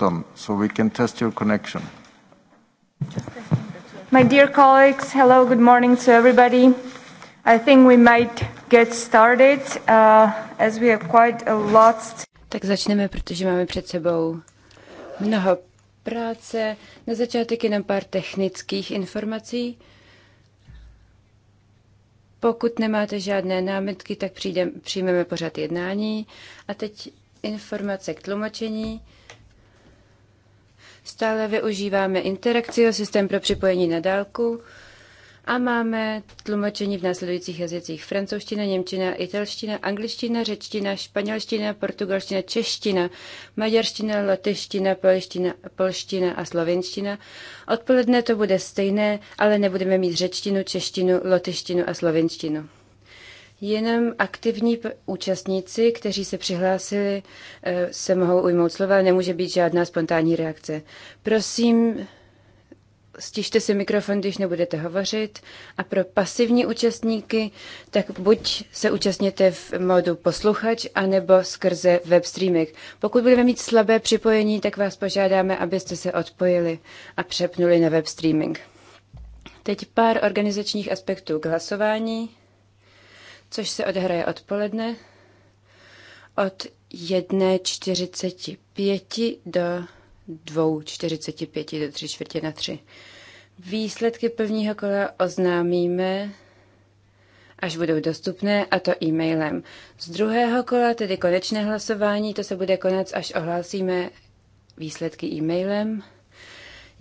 system so we can test your connection. My dear colleagues, hello, good morning to everybody. I think we might get started uh, as we have quite a lot. Tak začneme, protože máme před sebou mnoho práce. Na začátek jenom pár technických informací. Pokud nemáte žádné námitky, tak přijdem, přijmeme pořad jednání. A teď informace k tlumočení. Stále využíváme interakci o systém pro připojení na dálku a máme tlumočení v následujících jazycích francouzština, němčina, italština, angličtina, řečtina, španělština, portugalština, čeština, maďarština, latyština, polština, polština a slovenština. Odpoledne to bude stejné, ale nebudeme mít řečtinu, češtinu, lotyštinu a slovenštinu. Jenom aktivní účastníci, kteří se přihlásili, eh, se mohou ujmout slova, nemůže být žádná spontánní reakce. Prosím, stižte si mikrofon, když nebudete hovořit. A pro pasivní účastníky, tak buď se účastněte v modu posluchač, anebo skrze web streaming. Pokud budeme mít slabé připojení, tak vás požádáme, abyste se odpojili a přepnuli na web streaming. Teď pár organizačních aspektů k hlasování což se odehraje odpoledne od 1.45 do 2.45 do 3 čtvrtě na 3. Výsledky prvního kola oznámíme, až budou dostupné, a to e-mailem. Z druhého kola, tedy konečné hlasování, to se bude konec, až ohlásíme výsledky e-mailem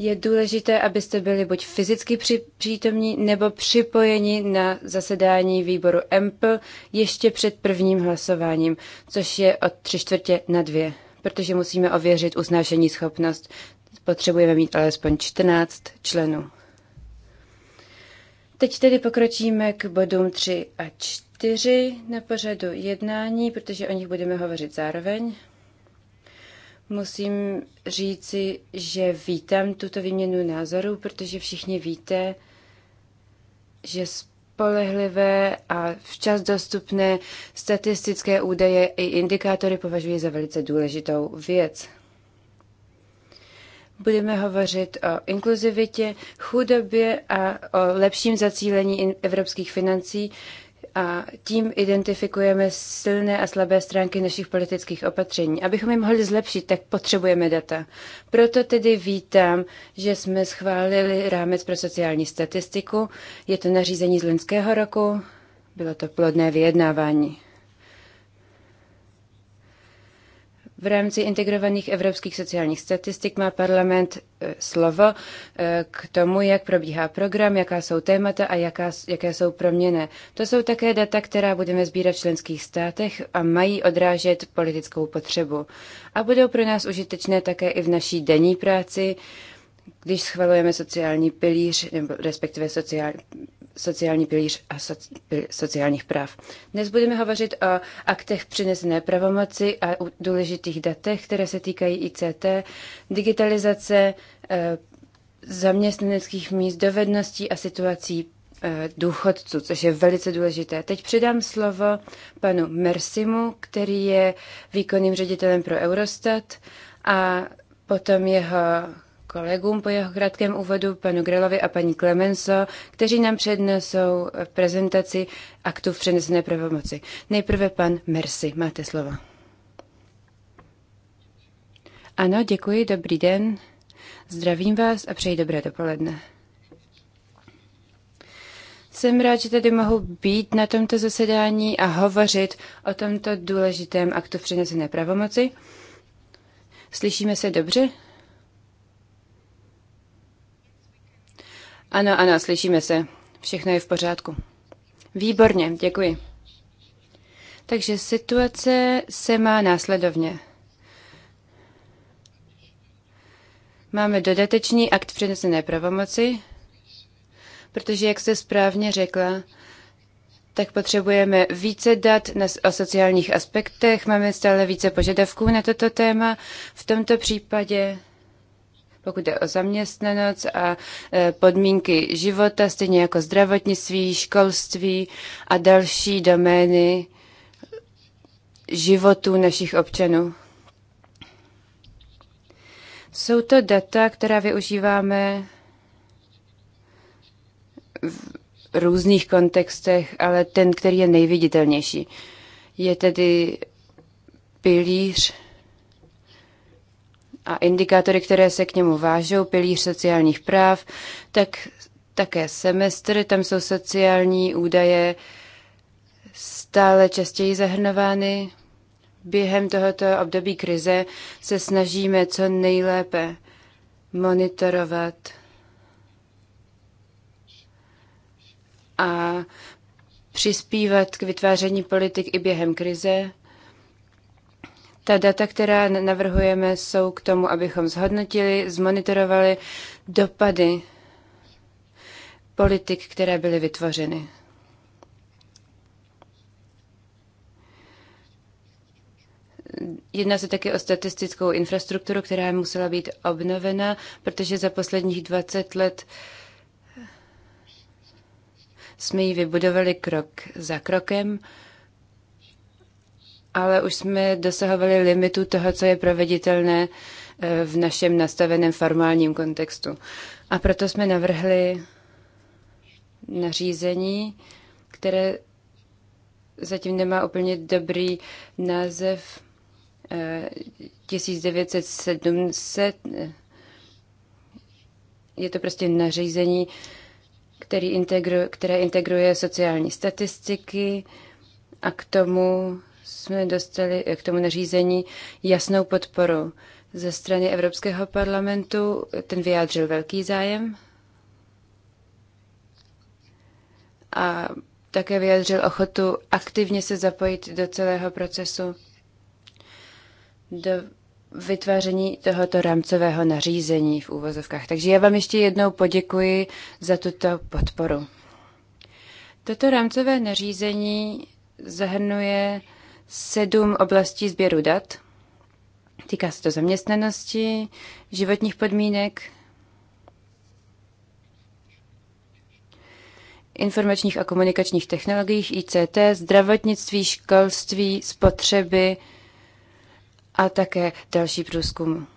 je důležité, abyste byli buď fyzicky při, přítomní nebo připojeni na zasedání výboru MP ještě před prvním hlasováním, což je od tři čtvrtě na dvě, protože musíme ověřit usnášení schopnost. Potřebujeme mít alespoň 14 členů. Teď tedy pokročíme k bodům 3 a 4 na pořadu jednání, protože o nich budeme hovořit zároveň. Musím říci, že vítám tuto výměnu názorů, protože všichni víte, že spolehlivé a včas dostupné statistické údaje i indikátory považuji za velice důležitou věc. Budeme hovořit o inkluzivitě, chudobě a o lepším zacílení evropských financí, a tím identifikujeme silné a slabé stránky našich politických opatření. Abychom je mohli zlepšit, tak potřebujeme data. Proto tedy vítám, že jsme schválili rámec pro sociální statistiku. Je to nařízení z loňského roku. Bylo to plodné vyjednávání. V rámci integrovaných evropských sociálních statistik má parlament eh, slovo eh, k tomu, jak probíhá program, jaká jsou témata a jaká, jaké jsou proměny. To jsou také data, která budeme sbírat v členských státech a mají odrážet politickou potřebu. A budou pro nás užitečné také i v naší denní práci, když schvalujeme sociální pilíř, nebo respektive sociál, sociální pilíř a soc, pil, sociálních práv. Dnes budeme hovořit o aktech přinesené pravomoci a důležitých datech, které se týkají ICT, digitalizace, eh, zaměstnaneckých míst, dovedností a situací eh, důchodců, což je velice důležité. Teď předám slovo panu Mersimu, který je výkonným ředitelem pro Eurostat a potom jeho kolegům po jeho krátkém úvodu, panu Grelovi a paní Clemenso, kteří nám přednesou prezentaci aktu v přenesené pravomoci. Nejprve pan Mersi, máte slovo. Ano, děkuji, dobrý den. Zdravím vás a přeji dobré dopoledne. Jsem rád, že tady mohu být na tomto zasedání a hovořit o tomto důležitém aktu v přenesené pravomoci. Slyšíme se dobře? Ano, ano, slyšíme se. Všechno je v pořádku. Výborně, děkuji. Takže situace se má následovně. Máme dodatečný akt přenesené pravomoci, protože, jak jste správně řekla, tak potřebujeme více dat na, o sociálních aspektech, máme stále více požadavků na toto téma. V tomto případě pokud jde o zaměstnanost a e, podmínky života, stejně jako zdravotnictví, školství a další domény životů našich občanů. Jsou to data, která využíváme v různých kontextech, ale ten, který je nejviditelnější, je tedy pilíř a indikátory, které se k němu vážou, pilíř sociálních práv, tak také semestry, tam jsou sociální údaje stále častěji zahrnovány. Během tohoto období krize se snažíme co nejlépe monitorovat a přispívat k vytváření politik i během krize. Ta data, která navrhujeme, jsou k tomu, abychom zhodnotili, zmonitorovali dopady politik, které byly vytvořeny. Jedná se také o statistickou infrastrukturu, která musela být obnovena, protože za posledních 20 let jsme ji vybudovali krok za krokem ale už jsme dosahovali limitu toho, co je proveditelné eh, v našem nastaveném formálním kontextu. A proto jsme navrhli nařízení, které zatím nemá úplně dobrý název 1970. Eh, eh, je to prostě nařízení, který integru, které integruje sociální statistiky a k tomu jsme dostali k tomu nařízení jasnou podporu ze strany Evropského parlamentu. Ten vyjádřil velký zájem a také vyjádřil ochotu aktivně se zapojit do celého procesu, do vytváření tohoto rámcového nařízení v úvozovkách. Takže já vám ještě jednou poděkuji za tuto podporu. Toto rámcové nařízení zahrnuje sedm oblastí sběru dat. Týká se to zaměstnanosti, životních podmínek, informačních a komunikačních technologiích, ICT, zdravotnictví, školství, spotřeby a také další průzkum.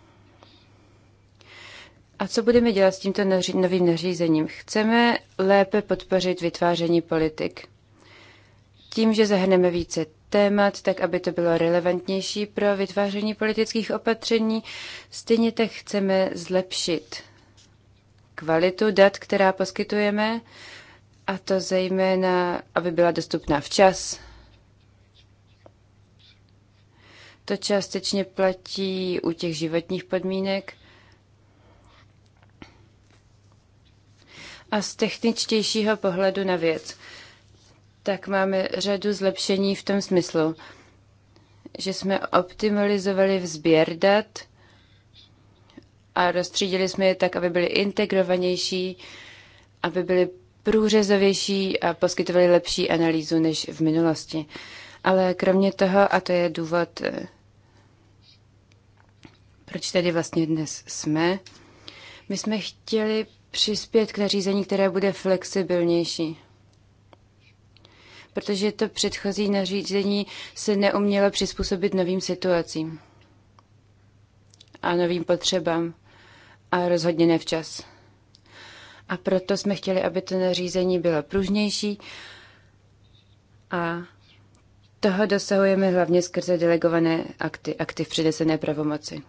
A co budeme dělat s tímto novým nařízením? Chceme lépe podpořit vytváření politik. Tím, že zahrneme více témat, tak aby to bylo relevantnější pro vytváření politických opatření. Stejně tak chceme zlepšit kvalitu dat, která poskytujeme, a to zejména, aby byla dostupná včas. To částečně platí u těch životních podmínek. A z techničtějšího pohledu na věc – tak máme řadu zlepšení v tom smyslu, že jsme optimalizovali vzběr dat a rozstřídili jsme je tak, aby byly integrovanější, aby byly průřezovější a poskytovali lepší analýzu než v minulosti. Ale kromě toho, a to je důvod, eh, proč tady vlastně dnes jsme, my jsme chtěli přispět k nařízení, které bude flexibilnější protože to předchozí nařízení se neumělo přizpůsobit novým situacím a novým potřebám a rozhodně nevčas. A proto jsme chtěli, aby to nařízení bylo pružnější a toho dosahujeme hlavně skrze delegované akty, akty v předesené pravomoci.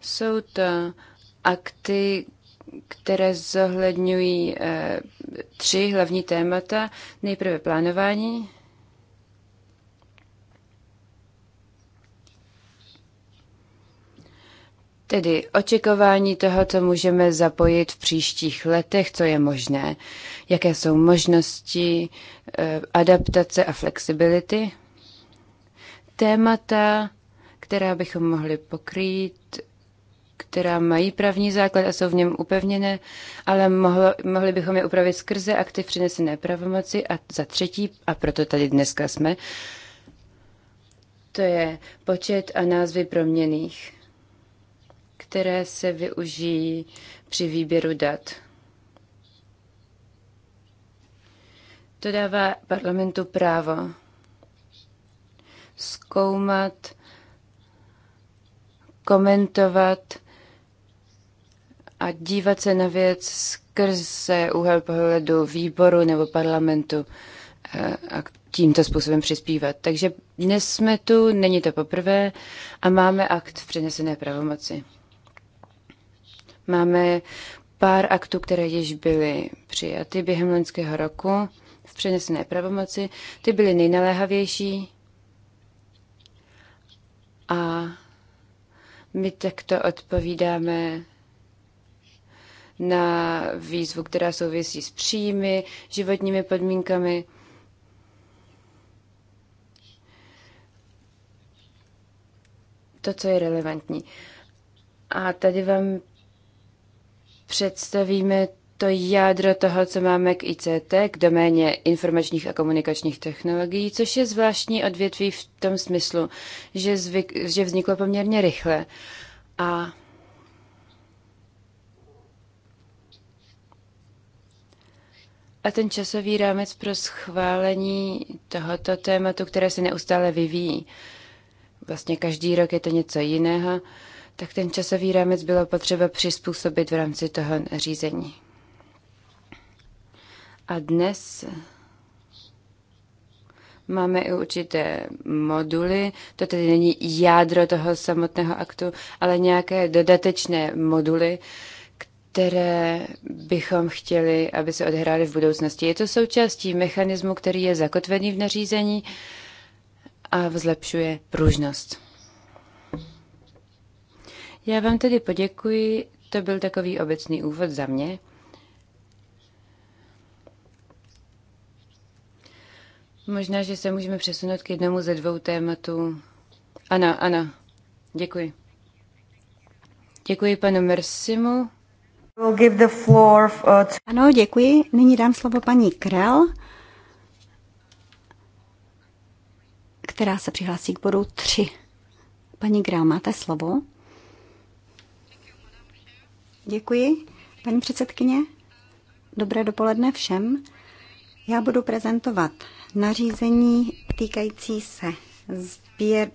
Jsou to akty, které zohledňují eh, tři hlavní témata. Nejprve plánování, Tedy očekování toho, co můžeme zapojit v příštích letech, co je možné, jaké jsou možnosti eh, adaptace a flexibility. Témata, která bychom mohli pokrýt která mají právní základ a jsou v něm upevněné, ale mohlo, mohli bychom je upravit skrze akty přinesené pravomoci a za třetí, a proto tady dneska jsme, to je počet a názvy proměných, které se využijí při výběru dat. To dává parlamentu právo zkoumat, komentovat a dívat se na věc skrze úhel pohledu výboru nebo parlamentu eh, a tímto způsobem přispívat. Takže dnes jsme tu, není to poprvé a máme akt v přenesené pravomoci. Máme pár aktů, které již byly přijaty během loňského roku v přenesené pravomoci. Ty byly nejnaléhavější a my takto odpovídáme na výzvu, která souvisí s příjmy, životními podmínkami. To, co je relevantní. A tady vám představíme to jádro toho, co máme k ICT, k doméně informačních a komunikačních technologií, což je zvláštní odvětví v tom smyslu, že, zvyk, že vzniklo poměrně rychle. A a ten časový rámec pro schválení tohoto tématu, které se neustále vyvíjí. Vlastně každý rok je to něco jiného, tak ten časový rámec bylo potřeba přizpůsobit v rámci toho řízení. A dnes máme i určité moduly, to tedy není jádro toho samotného aktu, ale nějaké dodatečné moduly, které bychom chtěli, aby se odehrály v budoucnosti. Je to součástí mechanismu, který je zakotvený v nařízení a vzlepšuje pružnost. Já vám tedy poděkuji, to byl takový obecný úvod za mě. Možná, že se můžeme přesunout k jednomu ze dvou tématů. Ano, ano, děkuji. Děkuji panu Mersimu Uh, ano, děkuji. Nyní dám slovo paní Krell, která se přihlásí k bodu 3. Paní Krell, máte slovo? Děkuji. Paní předsedkyně, dobré dopoledne všem. Já budu prezentovat nařízení týkající se sběr,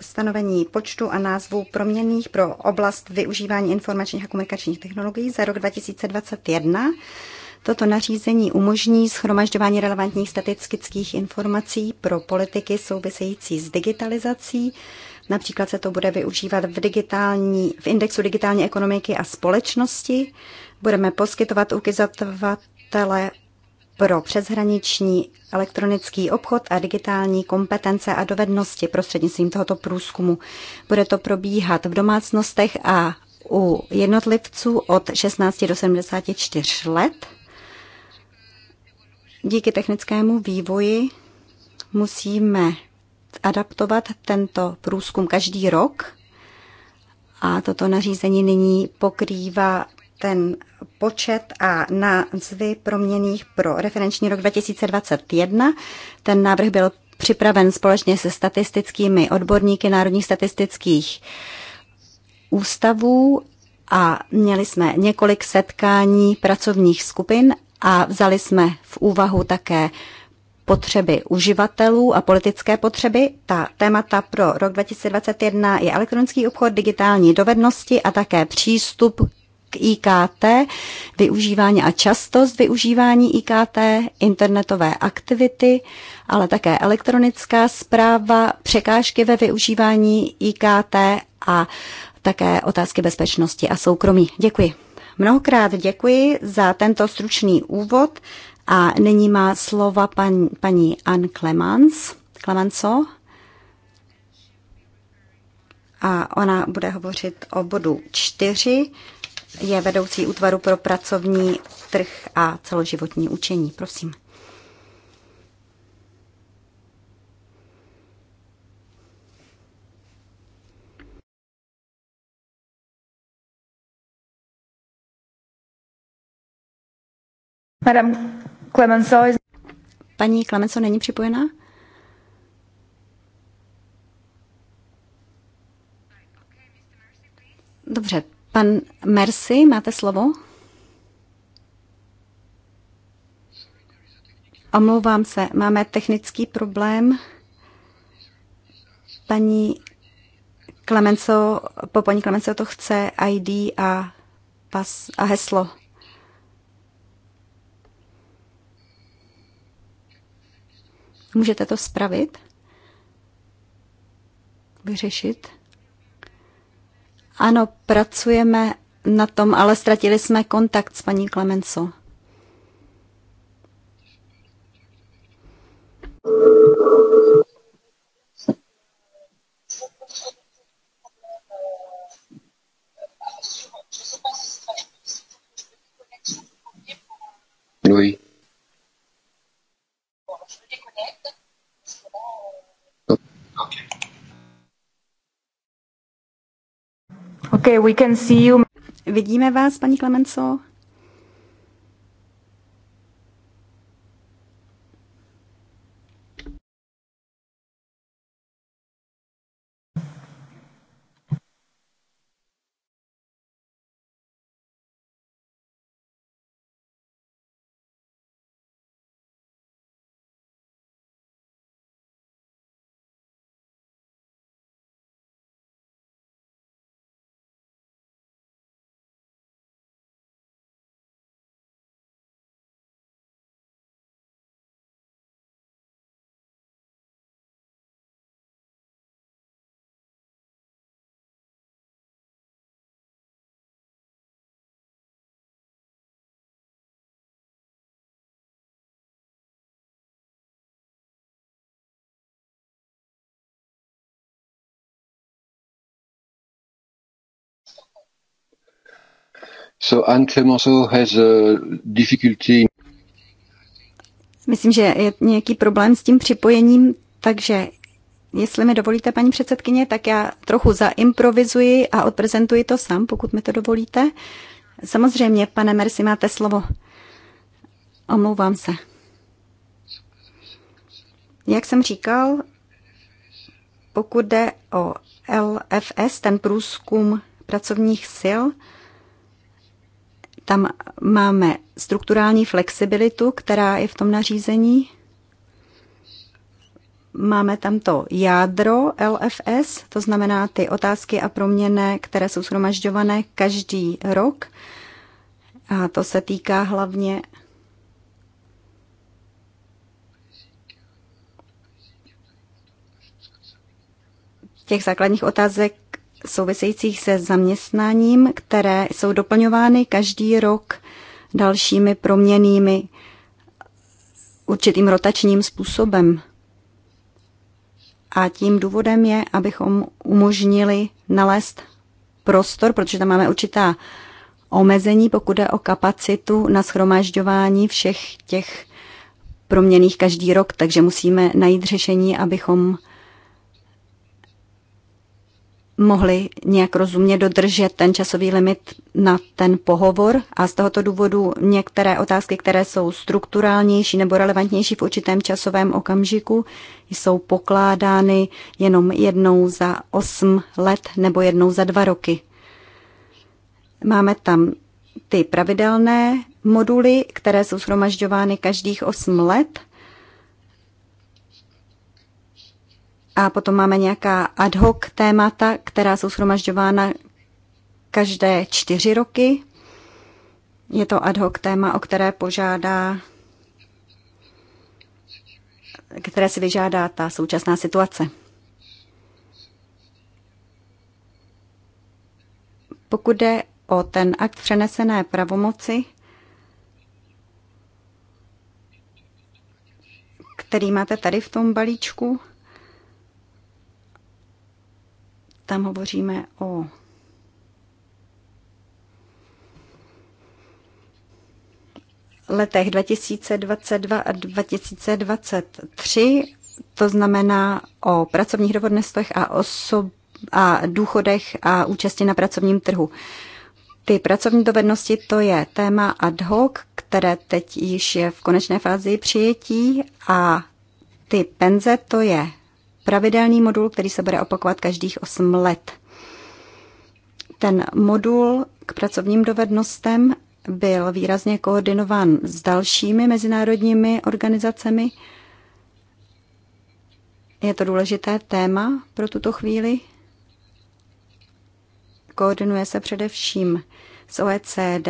stanovení počtu a názvu proměných pro oblast využívání informačních a komunikačních technologií za rok 2021. Toto nařízení umožní schromažďování relevantních statistických informací pro politiky související s digitalizací. Například se to bude využívat v, digitální, v indexu digitální ekonomiky a společnosti. Budeme poskytovat ukazovatele pro přeshraniční elektronický obchod a digitální kompetence a dovednosti prostřednictvím tohoto průzkumu. Bude to probíhat v domácnostech a u jednotlivců od 16 do 74 let. Díky technickému vývoji musíme adaptovat tento průzkum každý rok a toto nařízení nyní pokrývá ten počet a názvy proměných pro referenční rok 2021. Ten návrh byl připraven společně se statistickými odborníky Národních statistických ústavů a měli jsme několik setkání pracovních skupin a vzali jsme v úvahu také potřeby uživatelů a politické potřeby. Ta témata pro rok 2021 je elektronický obchod, digitální dovednosti a také přístup k IKT, využívání a častost využívání IKT, internetové aktivity, ale také elektronická zpráva, překážky ve využívání IKT a také otázky bezpečnosti a soukromí. Děkuji. Mnohokrát děkuji za tento stručný úvod a nyní má slova pan, paní Ann Clemans. Clemanso. A ona bude hovořit o bodu čtyři je vedoucí útvaru pro pracovní trh a celoživotní učení. Prosím. Madame Clemenceau is... Paní Clemenceau není připojená? Dobře, Pan Mercy, máte slovo? Omlouvám se, máme technický problém. Paní Klemenco, po paní Klemenco to chce ID a, pas, a heslo. Můžete to spravit? Vyřešit? Ano, pracujeme na tom, ale ztratili jsme kontakt s paní Klemenco. Oui. Okay, we can see you. Vidíme vás, paní Klemenco? So Anne Clemenceau has a difficulty. Myslím, že je nějaký problém s tím připojením, takže jestli mi dovolíte, paní předsedkyně, tak já trochu zaimprovizuji a odprezentuji to sám, pokud mi to dovolíte. Samozřejmě, pane Mersi, máte slovo. Omlouvám se. Jak jsem říkal, pokud jde o LFS, ten průzkum pracovních sil, tam máme strukturální flexibilitu, která je v tom nařízení. Máme tam to jádro LFS, to znamená ty otázky a proměny, které jsou shromažďované každý rok. A to se týká hlavně těch základních otázek, souvisejících se zaměstnáním, které jsou doplňovány každý rok dalšími proměnými určitým rotačním způsobem. A tím důvodem je, abychom umožnili nalézt prostor, protože tam máme určitá omezení, pokud je o kapacitu na schromažďování všech těch proměných každý rok, takže musíme najít řešení, abychom mohli nějak rozumně dodržet ten časový limit na ten pohovor a z tohoto důvodu některé otázky, které jsou strukturálnější nebo relevantnější v určitém časovém okamžiku, jsou pokládány jenom jednou za osm let nebo jednou za dva roky. Máme tam ty pravidelné moduly, které jsou shromažďovány každých osm let – A potom máme nějaká ad hoc témata, která jsou shromažďována každé čtyři roky. Je to ad hoc téma, o které požádá které si vyžádá ta současná situace. Pokud jde o ten akt přenesené pravomoci, který máte tady v tom balíčku, Tam hovoříme o letech 2022 a 2023, to znamená o pracovních dovodnostech a osob a důchodech a účasti na pracovním trhu. Ty pracovní dovednosti to je téma ad hoc, které teď již je v konečné fázi přijetí a ty penze to je pravidelný modul, který se bude opakovat každých 8 let. Ten modul k pracovním dovednostem byl výrazně koordinován s dalšími mezinárodními organizacemi. Je to důležité téma pro tuto chvíli. Koordinuje se především s OECD,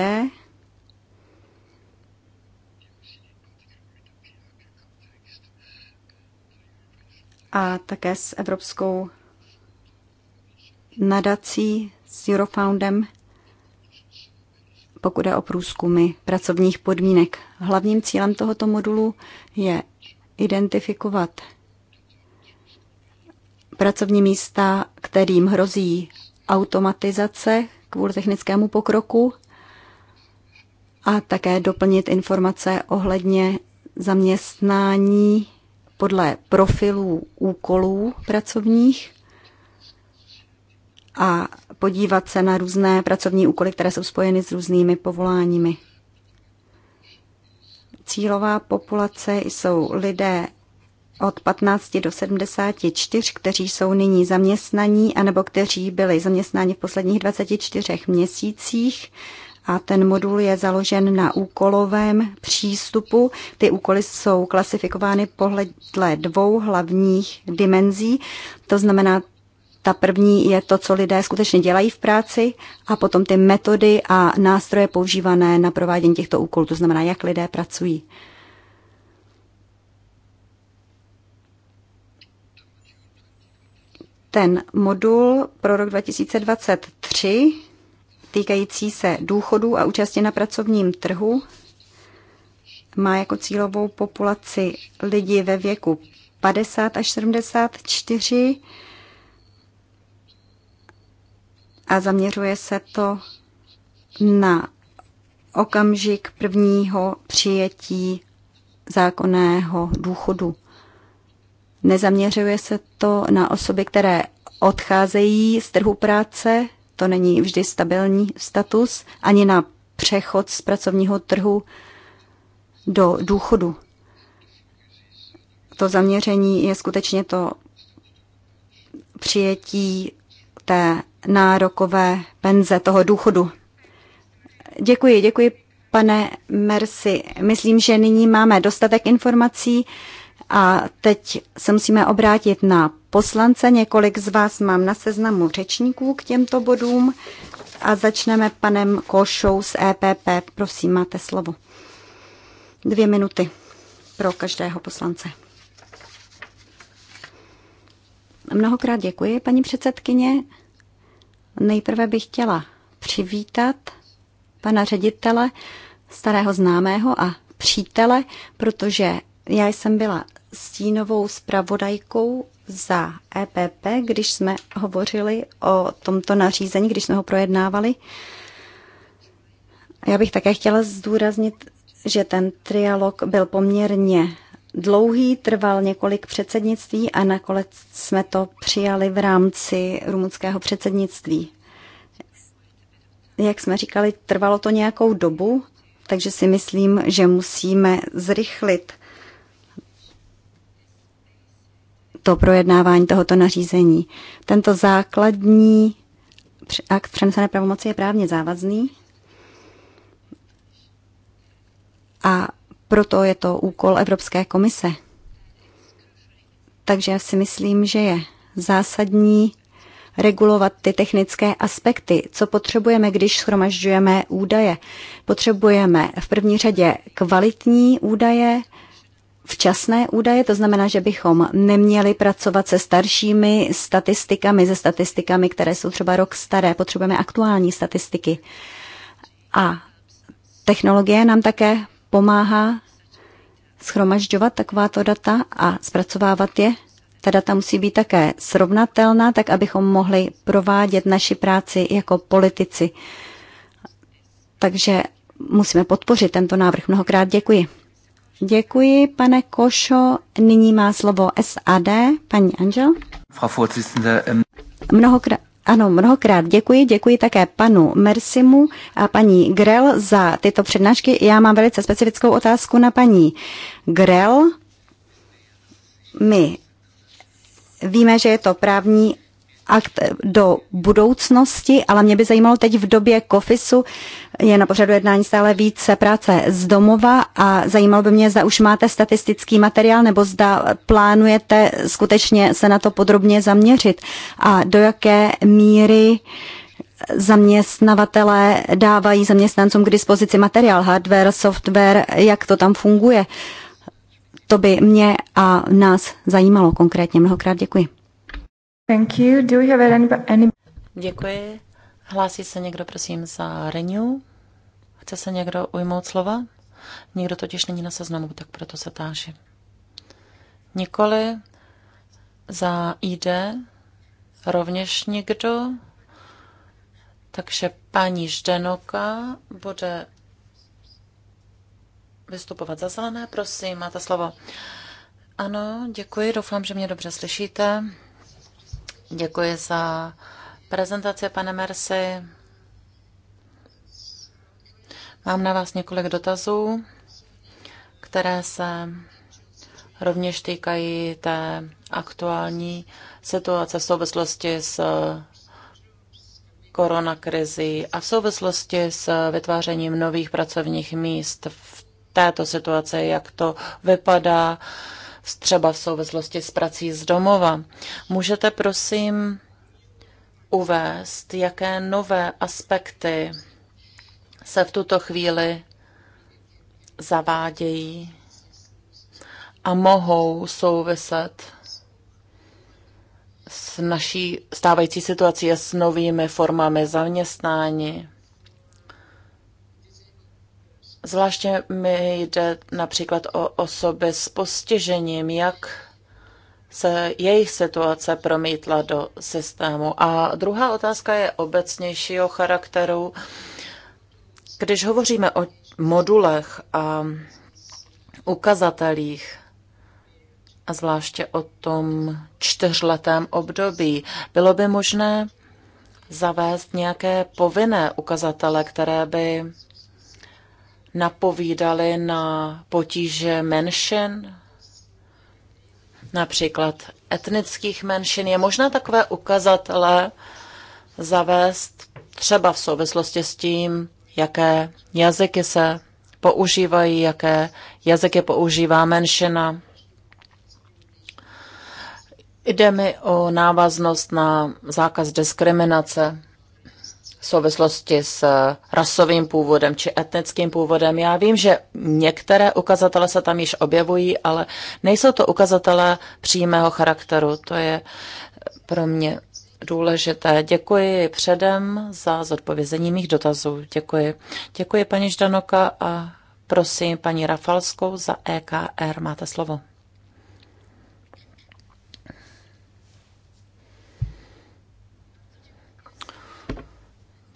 a také s Evropskou nadací, s Eurofoundem, pokud je o průzkumy pracovních podmínek. Hlavním cílem tohoto modulu je identifikovat pracovní místa, kterým hrozí automatizace kvůli technickému pokroku a také doplnit informace ohledně zaměstnání podle profilů úkolů pracovních a podívat se na různé pracovní úkoly, které jsou spojeny s různými povoláními. Cílová populace jsou lidé od 15 do 74, kteří jsou nyní zaměstnaní anebo kteří byli zaměstnáni v posledních 24 měsících a ten modul je založen na úkolovém přístupu. Ty úkoly jsou klasifikovány podle dvou hlavních dimenzí, to znamená ta první je to, co lidé skutečně dělají v práci a potom ty metody a nástroje používané na provádění těchto úkolů, to znamená, jak lidé pracují. Ten modul pro rok 2023 týkající se důchodů a účasti na pracovním trhu má jako cílovou populaci lidi ve věku 50 až 74 a zaměřuje se to na okamžik prvního přijetí zákonného důchodu. Nezaměřuje se to na osoby, které odcházejí z trhu práce to není vždy stabilní status, ani na přechod z pracovního trhu do důchodu. To zaměření je skutečně to přijetí té nárokové penze, toho důchodu. Děkuji, děkuji, pane Mersi. Myslím, že nyní máme dostatek informací a teď se musíme obrátit na poslance. Několik z vás mám na seznamu řečníků k těmto bodům a začneme panem Košou z EPP. Prosím, máte slovo. Dvě minuty pro každého poslance. Mnohokrát děkuji, paní předsedkyně. Nejprve bych chtěla přivítat pana ředitele, starého známého a přítele, protože já jsem byla stínovou zpravodajkou za EPP, když jsme hovořili o tomto nařízení, když jsme ho projednávali. Já bych také chtěla zdůraznit, že ten trialog byl poměrně dlouhý, trval několik předsednictví a nakonec jsme to přijali v rámci rumunského předsednictví. Jak jsme říkali, trvalo to nějakou dobu, takže si myslím, že musíme zrychlit to projednávání tohoto nařízení. Tento základní akt přenesené pravomoci je právně závazný a proto je to úkol Evropské komise. Takže já si myslím, že je zásadní regulovat ty technické aspekty. Co potřebujeme, když schromažďujeme údaje? Potřebujeme v první řadě kvalitní údaje, včasné údaje, to znamená, že bychom neměli pracovat se staršími statistikami, se statistikami, které jsou třeba rok staré, potřebujeme aktuální statistiky. A technologie nám také pomáhá schromažďovat takováto data a zpracovávat je. Ta data musí být také srovnatelná, tak abychom mohli provádět naši práci jako politici. Takže musíme podpořit tento návrh. Mnohokrát děkuji. Děkuji, pane Košo. Nyní má slovo SAD, paní Angel. Frau Mnohokrát. Ano, mnohokrát děkuji. Děkuji také panu Mersimu a paní Grel za tyto přednášky. Já mám velice specifickou otázku na paní Grel. My víme, že je to právní akt do budoucnosti, ale mě by zajímalo teď v době kofisu, je na pořadu jednání stále více práce z domova a zajímalo by mě, zda už máte statistický materiál nebo zda plánujete skutečně se na to podrobně zaměřit a do jaké míry zaměstnavatelé dávají zaměstnancům k dispozici materiál, hardware, software, jak to tam funguje. To by mě a nás zajímalo konkrétně. Mnohokrát děkuji. Thank you. Do we have any, any... Děkuji. Hlásí se někdo, prosím, za Renew? Chce se někdo ujmout slova? Nikdo totiž není na seznamu, tak proto se táži. Nikoli za ID rovněž někdo, takže paní Ždenoka bude vystupovat za zelené. Prosím, máte slovo. Ano, děkuji, doufám, že mě dobře slyšíte. Děkuji za prezentaci, pane Mersi. Mám na vás několik dotazů, které se rovněž týkají té aktuální situace v souvislosti s koronakrizí a v souvislosti s vytvářením nových pracovních míst v této situaci, jak to vypadá, třeba v souvislosti s prací z domova. Můžete prosím uvést, jaké nové aspekty se v tuto chvíli zavádějí a mohou souviset s naší stávající situací a s novými formami zaměstnání. Zvláště mi jde například o osoby s postižením, jak se jejich situace promítla do systému. A druhá otázka je obecnějšího charakteru. Když hovoříme o modulech a ukazatelích, a zvláště o tom čtyřletém období, bylo by možné zavést nějaké povinné ukazatele, které by napovídali na potíže menšin, například etnických menšin. Je možné takové ukazatele zavést třeba v souvislosti s tím, jaké jazyky se používají, jaké jazyky používá menšina. Jde mi o návaznost na zákaz diskriminace v souvislosti s eh, rasovým původem či etnickým původem. Já vím, že některé ukazatele se tam již objevují, ale nejsou to ukazatele přímého charakteru. To je eh, pro mě důležité. Děkuji předem za zodpovězení mých dotazů. Děkuji. Děkuji paní Ždanoka a prosím paní Rafalskou za EKR. Máte slovo.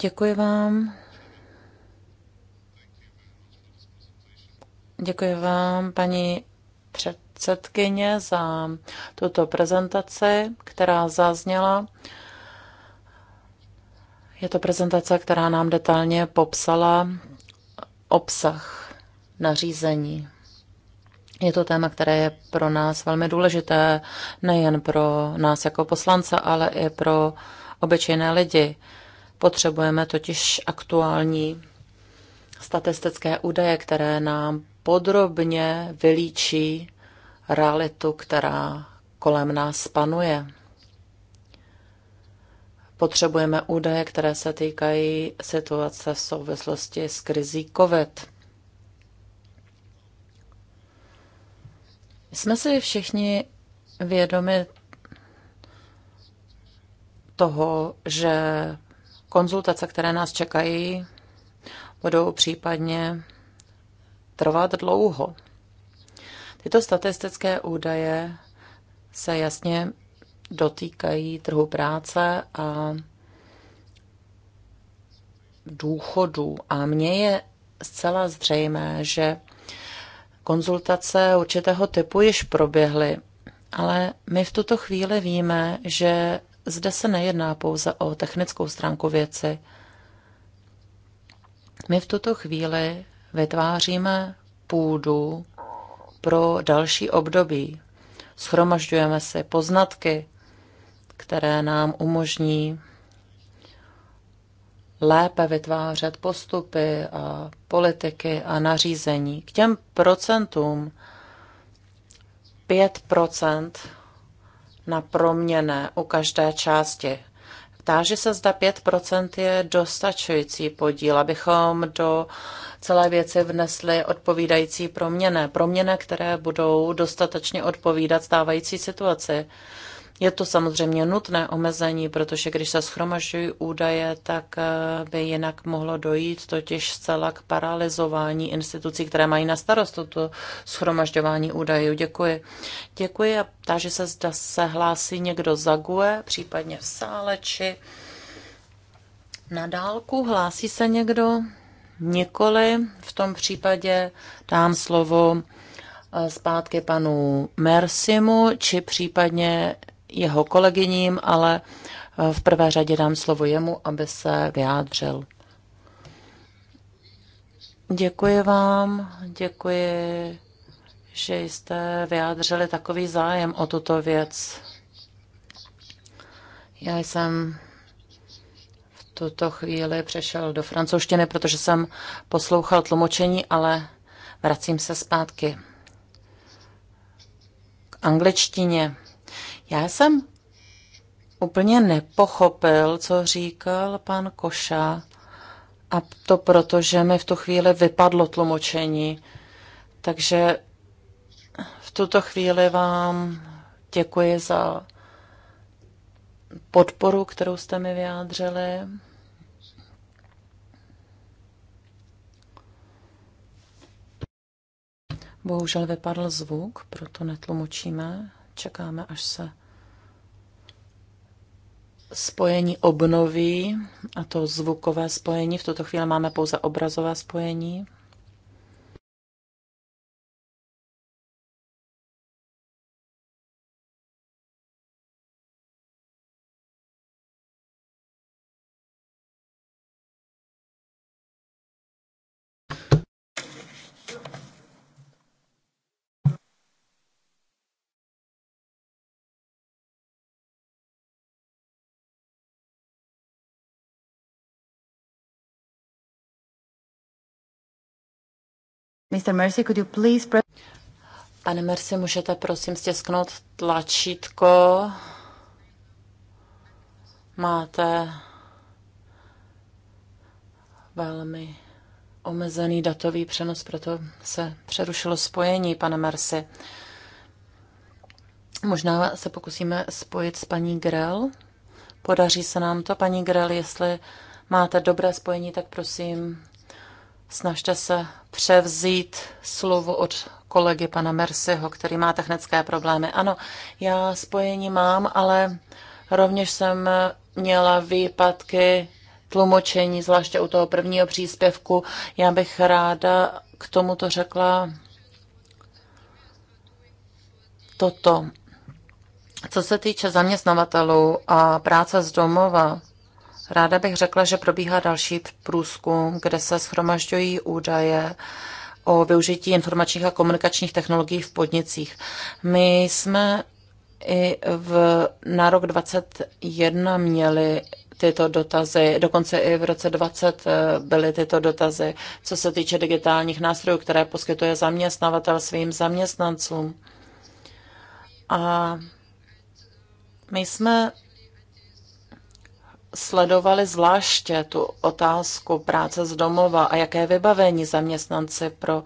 Děkuji vám. Děkuji vám, paní předsedkyně, za tuto prezentaci, která zazněla. Je to prezentace, která nám detailně popsala obsah nařízení. Je to téma, které je pro nás velmi důležité, nejen pro nás jako poslance, ale i pro obyčejné lidi. Potřebujeme totiž aktuální statistické údaje, které nám podrobně vylíčí realitu, která kolem nás panuje. Potřebujeme údaje, které se týkají situace v souvislosti s krizí COVID. Jsme si všichni vědomi toho, že Konzultace, které nás čekají, budou případně trvat dlouho. Tyto statistické údaje se jasně dotýkají trhu práce a důchodů. A mně je zcela zřejmé, že konzultace určitého typu již proběhly, ale my v tuto chvíli víme, že zde se nejedná pouze o technickou stránku věci. My v tuto chvíli vytváříme půdu pro další období. Schromažďujeme si poznatky, které nám umožní lépe vytvářet postupy a politiky a nařízení. K těm procentům 5 na proměné u každé části. Táže se, zda 5% je dostačující podíl, abychom do celé věci vnesli odpovídající proměny. Proměny, které budou dostatečně odpovídat stávající situaci. Je to samozřejmě nutné omezení, protože když se schromažďují údaje, tak eh, by jinak mohlo dojít totiž zcela k paralizování institucí, které mají na starost toto schromažďování údajů. Děkuji. Děkuji a táži se, zda se hlásí někdo za GUE, případně v sále, či na dálku. Hlásí se někdo? Nikoli. V tom případě dám slovo eh, zpátky panu Mersimu, či případně jeho kolegyním, ale eh, v prvé řadě dám slovo jemu, aby se vyjádřil. Děkuji vám, děkuji, že jste vyjádřili takový zájem o tuto věc. Já jsem v tuto chvíli přešel do francouzštiny, protože jsem poslouchal tlumočení, ale vracím se zpátky k angličtině. Já jsem úplně nepochopil, co říkal pan Koša, a to proto, že mi v tu chvíli vypadlo tlumočení. Takže v tuto chvíli vám děkuji za podporu, kterou jste mi vyjádřili. Bohužel vypadl zvuk, proto netlumočíme. Čekáme, až se spojení obnoví, a to zvukové spojení. V tuto chvíli máme pouze obrazové spojení. Mr. Mercy, could you please press... Pane Mercy, můžete prosím stisknout tlačítko. Máte velmi omezený datový přenos, proto se přerušilo spojení, pane Mercy. Možná se pokusíme spojit s paní Grell. Podaří se nám to, paní Grell, jestli máte dobré spojení, tak prosím Snažte se převzít slovo od kolegy pana Mersiho, který má technické problémy. Ano, já spojení mám, ale rovněž jsem měla výpadky tlumočení, zvláště u toho prvního příspěvku. Já bych ráda k tomuto řekla toto. Co se týče zaměstnavatelů a práce z domova, Ráda bych řekla, že probíhá další průzkum, kde se schromažďují údaje o využití informačních a komunikačních technologií v podnicích. My jsme i v, na rok 2021 měli tyto dotazy, dokonce i v roce 20 eh, byly tyto dotazy, co se týče digitálních nástrojů, které poskytuje zaměstnavatel svým zaměstnancům. A my jsme sledovali zvláště tu otázku práce z domova a jaké vybavení zaměstnanci pro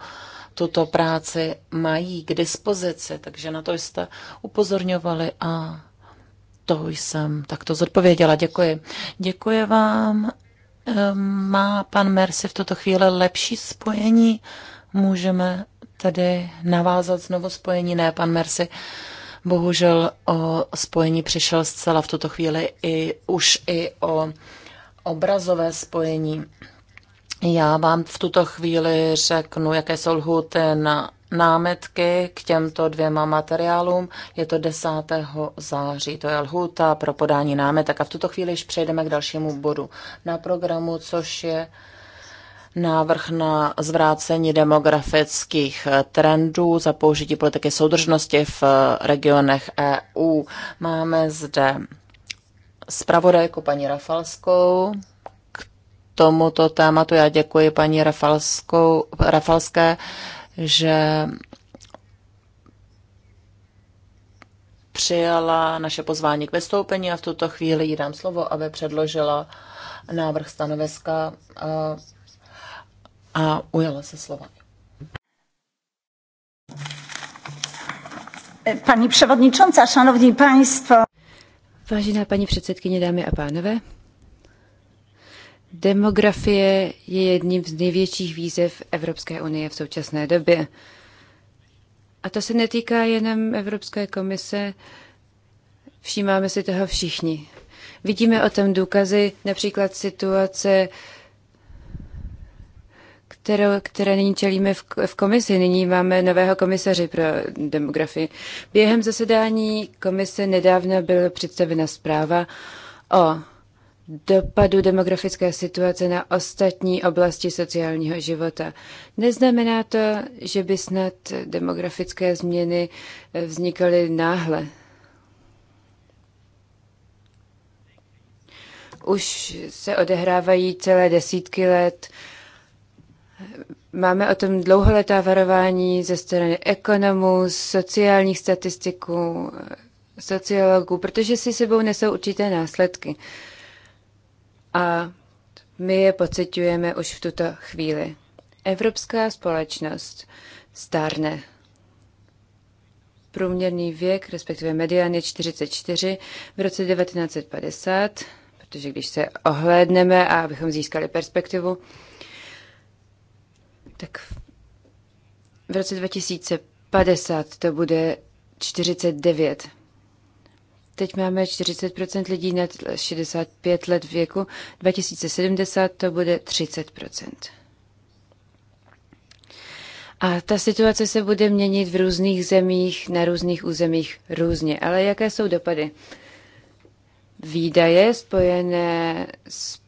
tuto práci mají k dispozici. Takže na to jste upozorňovali a to jsem takto zodpověděla. Děkuji. Děkuji vám. Ehm, má pan Mersi v tuto chvíli lepší spojení? Můžeme tedy navázat znovu spojení? Ne, pan Mersi Bohužel o spojení přišel zcela v tuto chvíli i už i o obrazové spojení. Já vám v tuto chvíli řeknu, jaké jsou lhuty na námetky k těmto dvěma materiálům. Je to 10. září, to je lhuta pro podání námetek. A v tuto chvíli již přejdeme k dalšímu bodu na programu, což je návrh na zvrácení demografických trendů za použití politiky soudržnosti v regionech EU. Máme zde zpravodajku paní Rafalskou. K tomuto tématu já děkuji paní Rafalskou, Rafalské, že přijala naše pozvání k vystoupení a v tuto chvíli jí dám slovo, aby předložila návrh stanoviska eh, a ujala se slova. Pani przewodnicząca, szanowni państwo. Vážená paní předsedkyně, dámy a pánové, demografie je jedním z největších výzev Evropské unie v současné době. A to se netýká jenom Evropské komise, všímáme si toho všichni. Vidíme o tom důkazy, například situace kterou, které nyní čelíme v, v komisi. Nyní máme nového komisaři pro demografii. Během zasedání komise nedávno byla představena zpráva o dopadu demografické situace na ostatní oblasti sociálního života. Neznamená to, že by snad demografické změny vznikaly náhle. Už se odehrávají celé desítky let Máme o tom dlouholetá varování ze strany ekonomů, sociálních statistiků, sociologů, protože si sebou nesou určité následky. A my je pocitujeme už v tuto chvíli. Evropská společnost stárne. Průměrný věk, respektive medián je 44 v roce 1950, protože když se ohlédneme a abychom získali perspektivu, tak v roce 2050 to bude 49. Teď máme 40% lidí nad 65 let věku, 2070 to bude 30%. A ta situace se bude měnit v různých zemích, na různých územích různě. Ale jaké jsou dopady? Výdaje spojené s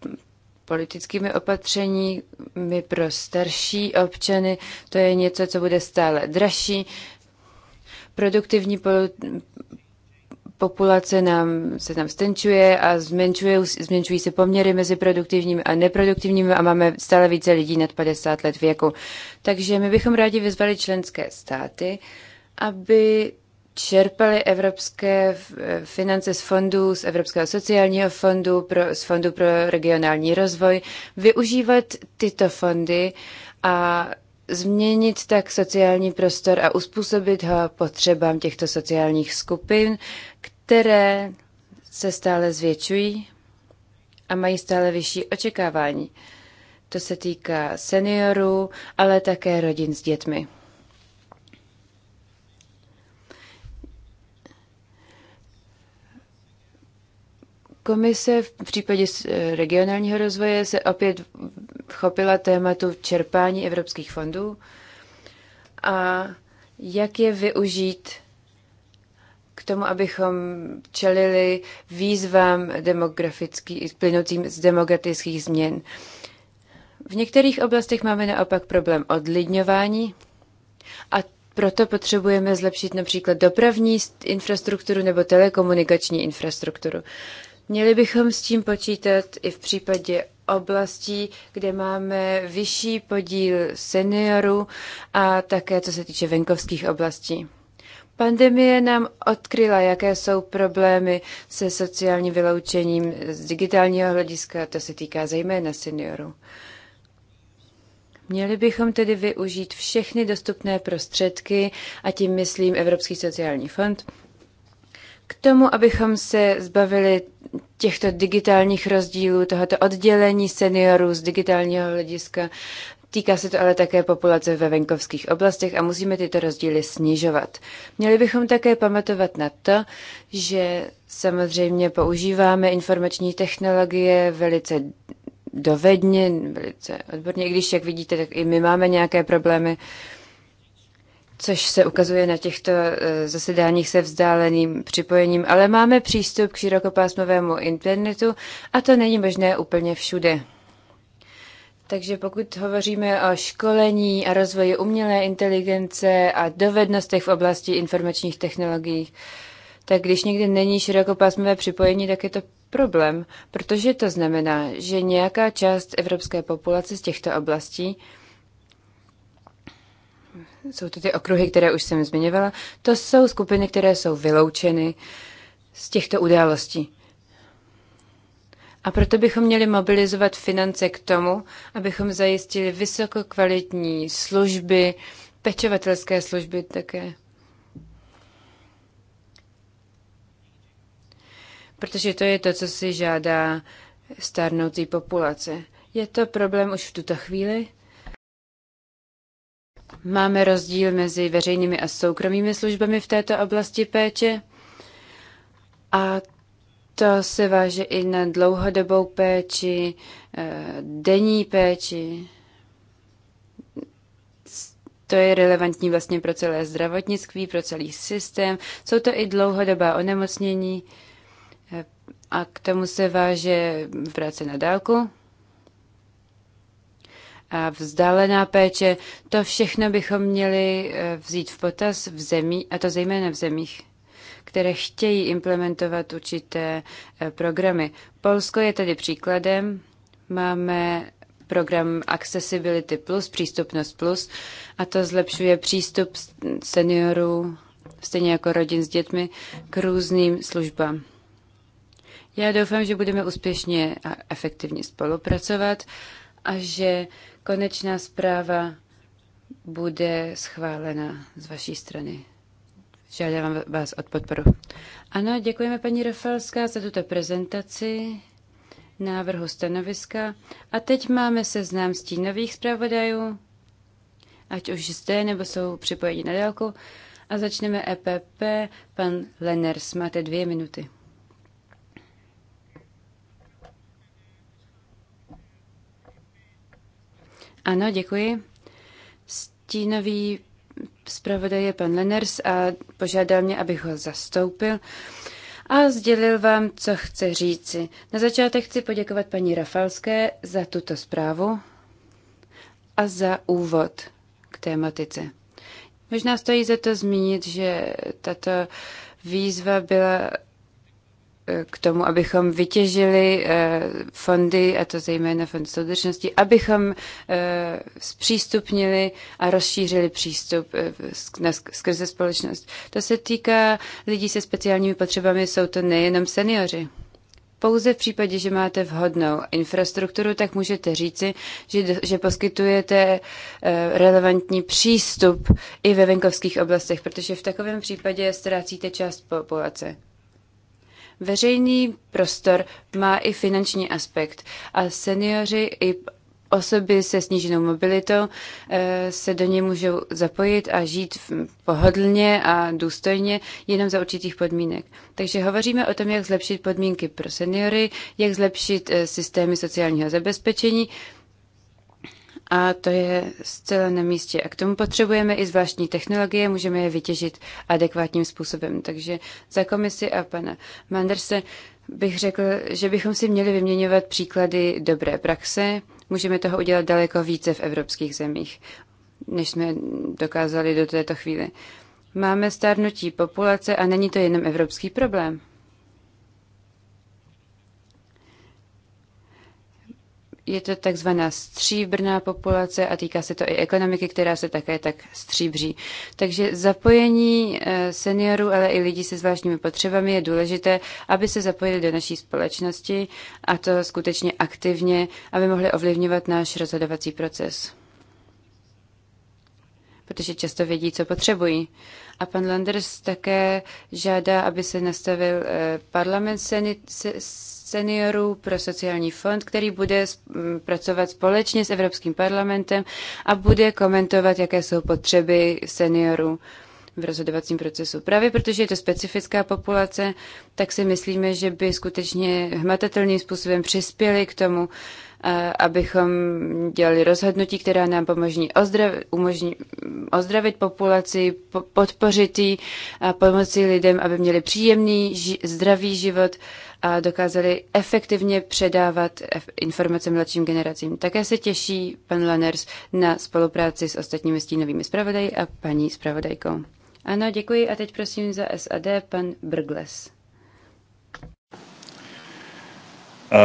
politickými opatřeními pro starší občany. To je něco, co bude stále dražší. Produktivní populace nám se tam stenčuje a zmenšuje, zmenšují se poměry mezi produktivními a neproduktivními a máme stále více lidí nad 50 let věku. Takže my bychom rádi vyzvali členské státy, aby čerpali evropské finance z fondů, z Evropského sociálního fondu, pro, z Fondu pro regionální rozvoj, využívat tyto fondy a změnit tak sociální prostor a uspůsobit ho potřebám těchto sociálních skupin, které se stále zvětšují a mají stále vyšší očekávání. To se týká seniorů, ale také rodin s dětmi. Komise v případě eh, regionálního rozvoje se opět chopila tématu čerpání evropských fondů a jak je využít k tomu, abychom čelili výzvám plynoucím z demografických změn. V některých oblastech máme naopak problém odlidňování a proto potřebujeme zlepšit například dopravní infrastrukturu nebo telekomunikační infrastrukturu. Měli bychom s tím počítat i v případě oblastí, kde máme vyšší podíl seniorů a také co se týče venkovských oblastí. Pandemie nám odkryla, jaké jsou problémy se sociálním vyloučením z digitálního hlediska, to se týká zejména seniorů. Měli bychom tedy využít všechny dostupné prostředky, a tím myslím Evropský sociální fond, k tomu, abychom se zbavili těchto digitálních rozdílů, tohoto oddělení seniorů z digitálního hlediska. Týká se to ale také populace ve venkovských oblastech a musíme tyto rozdíly snižovat. Měli bychom také pamatovat na to, že samozřejmě používáme informační technologie velice dovedně, velice odborně, i když, jak vidíte, tak i my máme nějaké problémy což se ukazuje na těchto eh, zasedáních se vzdáleným připojením, ale máme přístup k širokopásmovému internetu a to není možné úplně všude. Takže pokud hovoříme o školení a rozvoji umělé inteligence a dovednostech v oblasti informačních technologií, tak když někde není širokopásmové připojení, tak je to problém, protože to znamená, že nějaká část evropské populace z těchto oblastí jsou to ty okruhy, které už jsem zmiňovala, to jsou skupiny, které jsou vyloučeny z těchto událostí. A proto bychom měli mobilizovat finance k tomu, abychom zajistili vysokokvalitní služby, pečovatelské služby také. Protože to je to, co si žádá stárnoucí populace. Je to problém už v tuto chvíli Máme rozdíl mezi veřejnými a soukromými službami v této oblasti péče a to se váže i na dlouhodobou péči, eh, denní péči. To je relevantní vlastně pro celé zdravotnictví, pro celý systém. Jsou to i dlouhodobá onemocnění eh, a k tomu se váže práce na dálku a vzdálená péče, to všechno bychom měli eh, vzít v potaz v zemí, a to zejména v zemích, které chtějí implementovat určité eh, programy. Polsko je tedy příkladem. Máme program Accessibility Plus, Přístupnost Plus, a to zlepšuje přístup seniorů, stejně jako rodin s dětmi, k různým službám. Já doufám, že budeme úspěšně a efektivně spolupracovat a že Konečná zpráva bude schválena z vaší strany. Žádám vás od podporu. Ano, děkujeme paní Rafalská za tuto prezentaci návrhu stanoviska. A teď máme seznam stínových zpravodajů, ať už zde nebo jsou připojeni na dálku. A začneme EPP. Pan Leners, máte dvě minuty. Ano, děkuji. Stínový zpravodaj je pan Leners a požádal mě, abych ho zastoupil a sdělil vám, co chce říci. Na začátek chci poděkovat paní Rafalské za tuto zprávu a za úvod k tématice. Možná stojí za to zmínit, že tato výzva byla k tomu, abychom vytěžili eh, fondy, a to zejména fond soudržnosti, abychom eh, zpřístupnili a rozšířili přístup eh, skrze společnost. To se týká lidí se speciálními potřebami, jsou to nejenom seniori. Pouze v případě, že máte vhodnou infrastrukturu, tak můžete říci, že, že poskytujete relevantní přístup i ve venkovských oblastech, protože v takovém případě ztrácíte část populace. Veřejný prostor má i finanční aspekt a seniori i osoby se sníženou mobilitou eh, se do něj můžou zapojit a žít pohodlně a důstojně jenom za určitých podmínek. Takže hovoříme o tom, jak zlepšit podmínky pro seniory, jak zlepšit eh, systémy sociálního zabezpečení a to je zcela na místě. A k tomu potřebujeme i zvláštní technologie, můžeme je vytěžit adekvátním způsobem. Takže za komisi a pana Manderse bych řekl, že bychom si měli vyměňovat příklady dobré praxe. Můžeme toho udělat daleko více v evropských zemích, než jsme dokázali do této chvíli. Máme stárnutí populace a není to jenom evropský problém. je to takzvaná stříbrná populace a týká se to i ekonomiky, která se také tak stříbří. Takže zapojení eh, seniorů, ale i lidí se zvláštními potřebami je důležité, aby se zapojili do naší společnosti a to skutečně aktivně, aby mohli ovlivňovat náš rozhodovací proces. Protože často vědí, co potřebují. A pan Landers také žádá, aby se nastavil eh, parlament seniorů, seniorů pro sociální fond, který bude pracovat společně s Evropským parlamentem a bude komentovat, jaké jsou potřeby seniorů v rozhodovacím procesu. Právě protože je to specifická populace, tak si myslíme, že by skutečně hmatatelným způsobem přispěli k tomu, abychom dělali rozhodnutí, která nám pomožní ozdravit, umožní ozdravit populaci, po, podpořit ji a pomoci lidem, aby měli příjemný, ži, zdravý život a dokázali efektivně předávat informace mladším generacím. Také se těší pan Laners na spolupráci s ostatními stínovými zpravodaji a paní zpravodajkou. Ano, děkuji a teď prosím za SAD pan Brgles.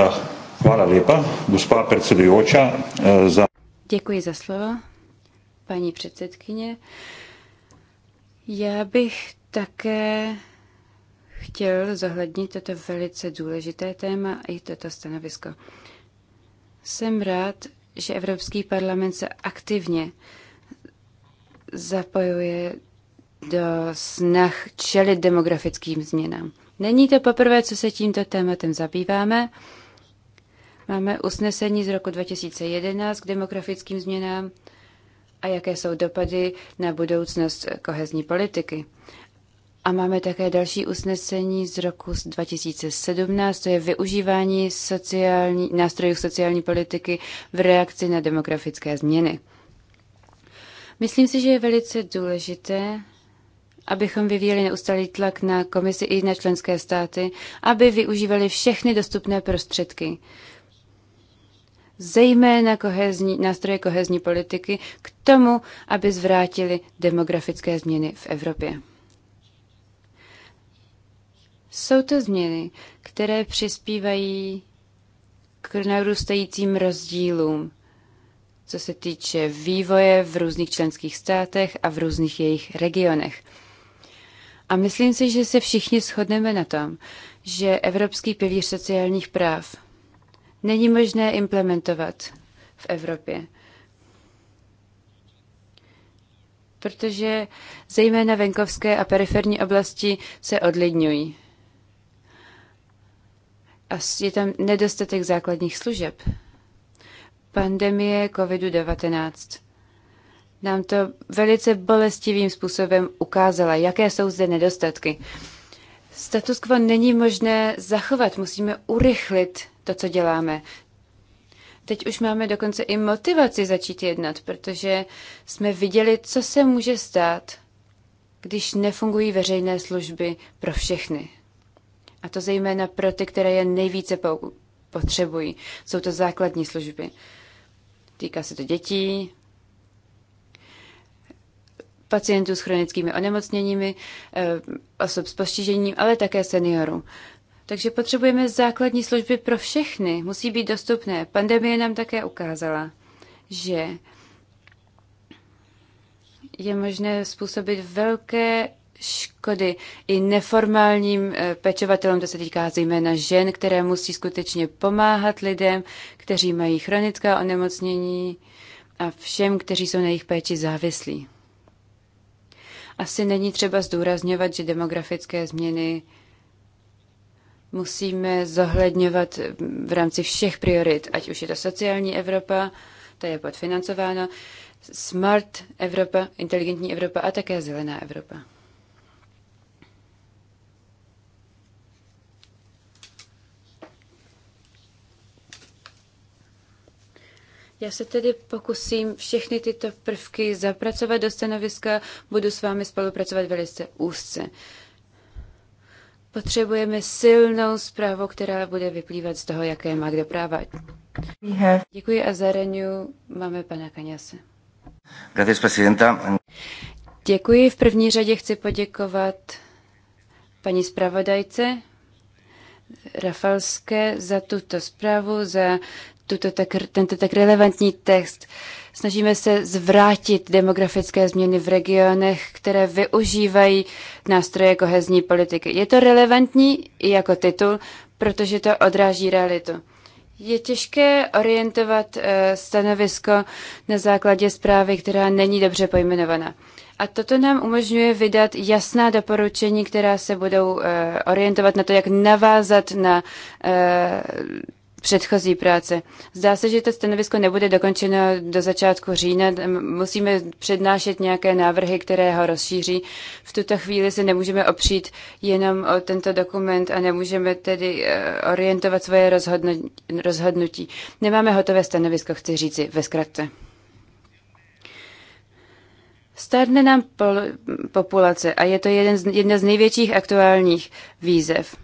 Uh. Hvala lepa, gospa predsedujoča. Eh, za... Děkuji za slovo, paní předsedkyně. Já bych také chtěl zohlednit toto velice důležité téma i toto stanovisko. Jsem rád, že Evropský parlament se aktivně zapojuje do snah čelit demografickým změnám. Není to poprvé, co se tímto tématem zabýváme. Máme usnesení z roku 2011 k demografickým změnám a jaké jsou dopady na budoucnost kohezní politiky. A máme také další usnesení z roku 2017, to je využívání sociální, nástrojů sociální politiky v reakci na demografické změny. Myslím si, že je velice důležité, abychom vyvíjeli neustálý tlak na komisi i na členské státy, aby využívali všechny dostupné prostředky zejména kohezní, nástroje kohezní politiky k tomu, aby zvrátili demografické změny v Evropě. Jsou to změny, které přispívají k narůstajícím rozdílům, co se týče vývoje v různých členských státech a v různých jejich regionech. A myslím si, že se všichni shodneme na tom, že Evropský pilíř sociálních práv – není možné implementovat v Evropě. Protože zejména venkovské a periferní oblasti se odlidňují. A je tam nedostatek základních služeb. Pandemie COVID-19 nám to velice bolestivým způsobem ukázala, jaké jsou zde nedostatky. Status quo není možné zachovat, musíme urychlit to, co děláme. Teď už máme dokonce i motivaci začít jednat, protože jsme viděli, co se může stát, když nefungují veřejné služby pro všechny. A to zejména pro ty, které je nejvíce potřebují. Jsou to základní služby. Týká se to dětí, pacientů s chronickými onemocněními, eh, osob s postižením, ale také seniorů. Takže potřebujeme základní služby pro všechny, musí být dostupné. Pandemie nám také ukázala, že je možné způsobit velké škody i neformálním eh, pečovatelům, to se týká zejména žen, které musí skutečně pomáhat lidem, kteří mají chronická onemocnění a všem, kteří jsou na jejich péči závislí. Asi není třeba zdůrazňovat, že demografické změny musíme zohledňovat v rámci všech priorit, ať už je to sociální Evropa, ta je podfinancována, smart Evropa, inteligentní Evropa a také zelená Evropa. Já se tedy pokusím všechny tyto prvky zapracovat do stanoviska, budu s vámi spolupracovat velice úzce. Potřebujeme silnou zprávu, která bude vyplývat z toho, jaké má kdo práva. Děkuji a za Renew máme pana Kaňase. Děkuji. V první řadě chci poděkovat paní zpravodajce Rafalské za tuto zprávu, za tuto tak, tento tak relevantní text. Uh, Snažíme se zvrátit demografické změny v regionech, které využívají nástroje kohezní politiky. Je to relevantní i jako titul, protože to odráží realitu. Je těžké orientovat eh, stanovisko na základě zprávy, která není dobře pojmenovaná. A toto nám umožňuje vydat jasná doporučení, která se budou eh, orientovat na to, jak navázat na eh, předchozí práce. Zdá se, že to stanovisko nebude dokončeno do začátku října. Musíme přednášet nějaké návrhy, které ho rozšíří. V tuto chvíli se nemůžeme opřít jenom o tento dokument a nemůžeme tedy eh, orientovat svoje rozhodnutí. Nemáme hotové stanovisko, chci říci ve zkratce. Stárne nám populace a je to jeden z, jedna z největších aktuálních výzev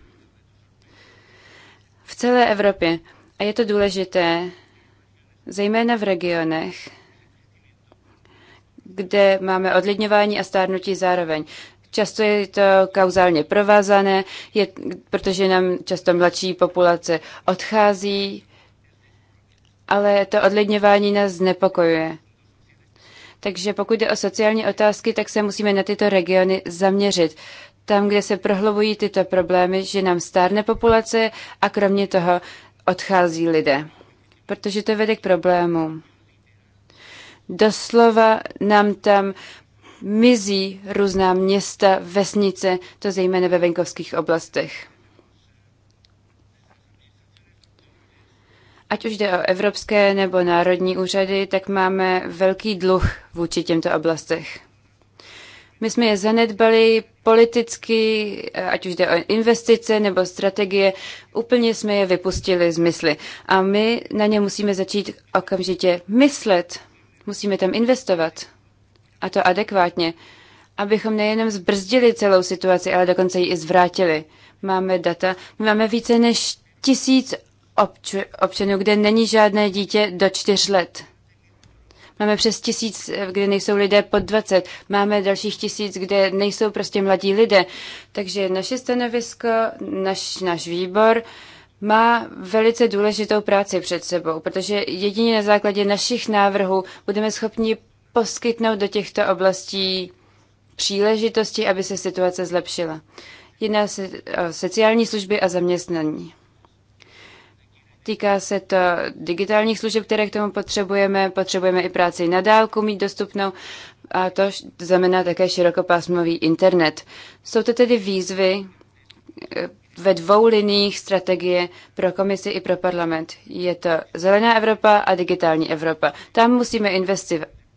v celé Evropě. A je to důležité, zejména v regionech, kde máme odlidňování a stárnutí zároveň. Často je to kauzálně provázané, je, protože nám často mladší populace odchází, ale to odlidňování nás znepokojuje. Takže pokud jde o sociální otázky, tak se musíme na tyto regiony zaměřit tam, kde se prohlubují tyto problémy, že nám stárne populace a kromě toho odchází lidé, protože to vede k problémům. Doslova nám tam mizí různá města, vesnice, to zejména ve venkovských oblastech. Ať už jde o evropské nebo národní úřady, tak máme velký dluh vůči těmto oblastech. My jsme je zanedbali politicky, ať už jde o investice nebo strategie, úplně jsme je vypustili z mysli. A my na ně musíme začít okamžitě myslet. Musíme tam investovat. A to adekvátně. Abychom nejenom zbrzdili celou situaci, ale dokonce ji i zvrátili. Máme data. My máme více než tisíc občanů, kde není žádné dítě do čtyř let. Máme přes tisíc, kde nejsou lidé pod 20. Máme dalších tisíc, kde nejsou prostě mladí lidé. Takže naše stanovisko, naš, náš výbor má velice důležitou práci před sebou, protože jedině na základě našich návrhů budeme schopni poskytnout do těchto oblastí příležitosti, aby se situace zlepšila. Jedná se o sociální služby a zaměstnaní. Týká se to digitálních služeb, které k tomu potřebujeme. Potřebujeme i práci na dálku mít dostupnou a to znamená také širokopásmový internet. Jsou to tedy výzvy eh, ve dvou liních strategie pro komisi i pro parlament. Je to zelená Evropa a digitální Evropa. Tam musíme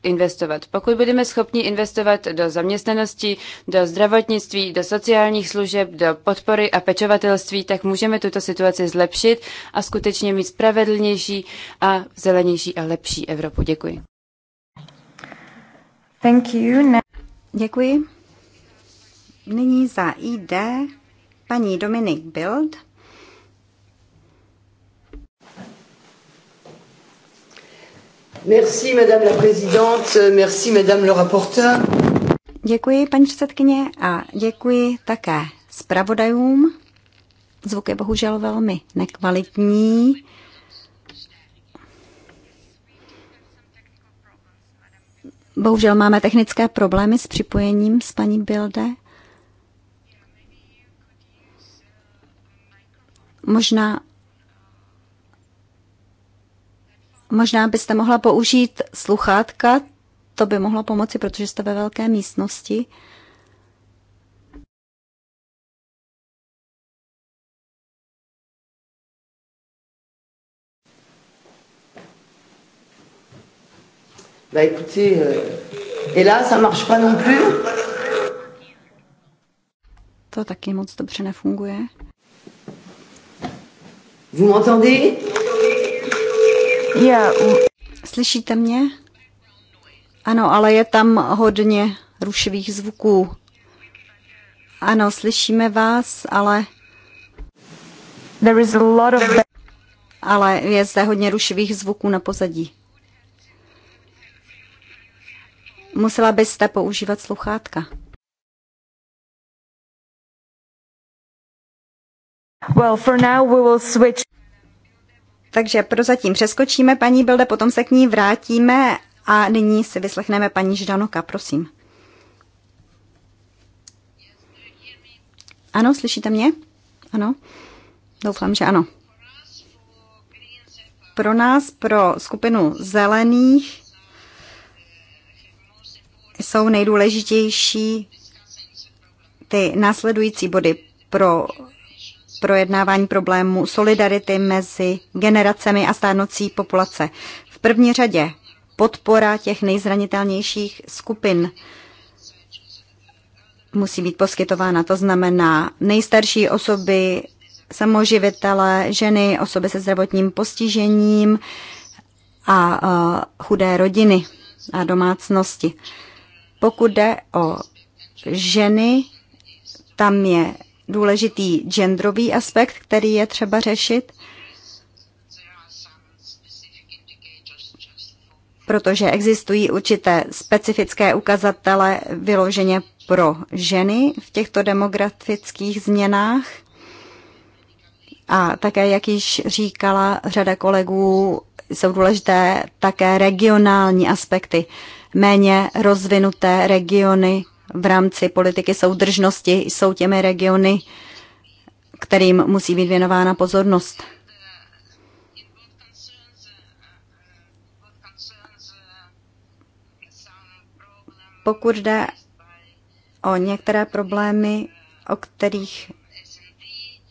investovat. Pokud budeme schopni investovat do zaměstnanosti, do zdravotnictví, do sociálních služeb, do podpory a pečovatelství, tak můžeme tuto situaci zlepšit a skutečně mít spravedlnější a zelenější a lepší Evropu. Děkuji. Thank you. Děkuji. Nyní za ID paní Dominik Bild. Merci, madame la présidente, merci, madame le rapporteur. Děkuji, paní předsedkyně, a děkuji také zpravodajům. Zvuk je bohužel velmi nekvalitní. Bohužel máme technické problémy s připojením s paní Bilde. Možná Možná byste mohla použít sluchátka, to by mohlo pomoci, protože jste ve velké místnosti. Bah écoutez, euh, et là, ça marche pas non plus. To taky moc dobře nefunguje. Vous m'entendez? Já, slyšíte mě? Ano, ale je tam hodně rušivých zvuků. Ano, slyšíme vás, ale... There is a lot of... Ale je zde hodně rušivých zvuků na pozadí. Musela byste používat sluchátka. Well, for now we will switch. Takže prozatím přeskočíme paní Bilde, potom se k ní vrátíme a nyní si vyslechneme paní Ždanoka, prosím. Ano, slyšíte mě? Ano? Doufám, že ano. Pro nás, pro skupinu zelených, jsou nejdůležitější ty následující body pro projednávání problému solidarity mezi generacemi a stárnoucí populace. V první řadě podpora těch nejzranitelnějších skupin musí být poskytována. To znamená nejstarší osoby, samoživitele, ženy, osoby se zdravotním postižením a chudé rodiny a domácnosti. Pokud jde o ženy, tam je důležitý genderový aspekt, který je třeba řešit, protože existují určité specifické ukazatele vyloženě pro ženy v těchto demografických změnách. A také, jak již říkala řada kolegů, jsou důležité také regionální aspekty. Méně rozvinuté regiony v rámci politiky soudržnosti jsou těmi regiony, kterým musí být věnována pozornost. Pokud jde o některé problémy, o kterých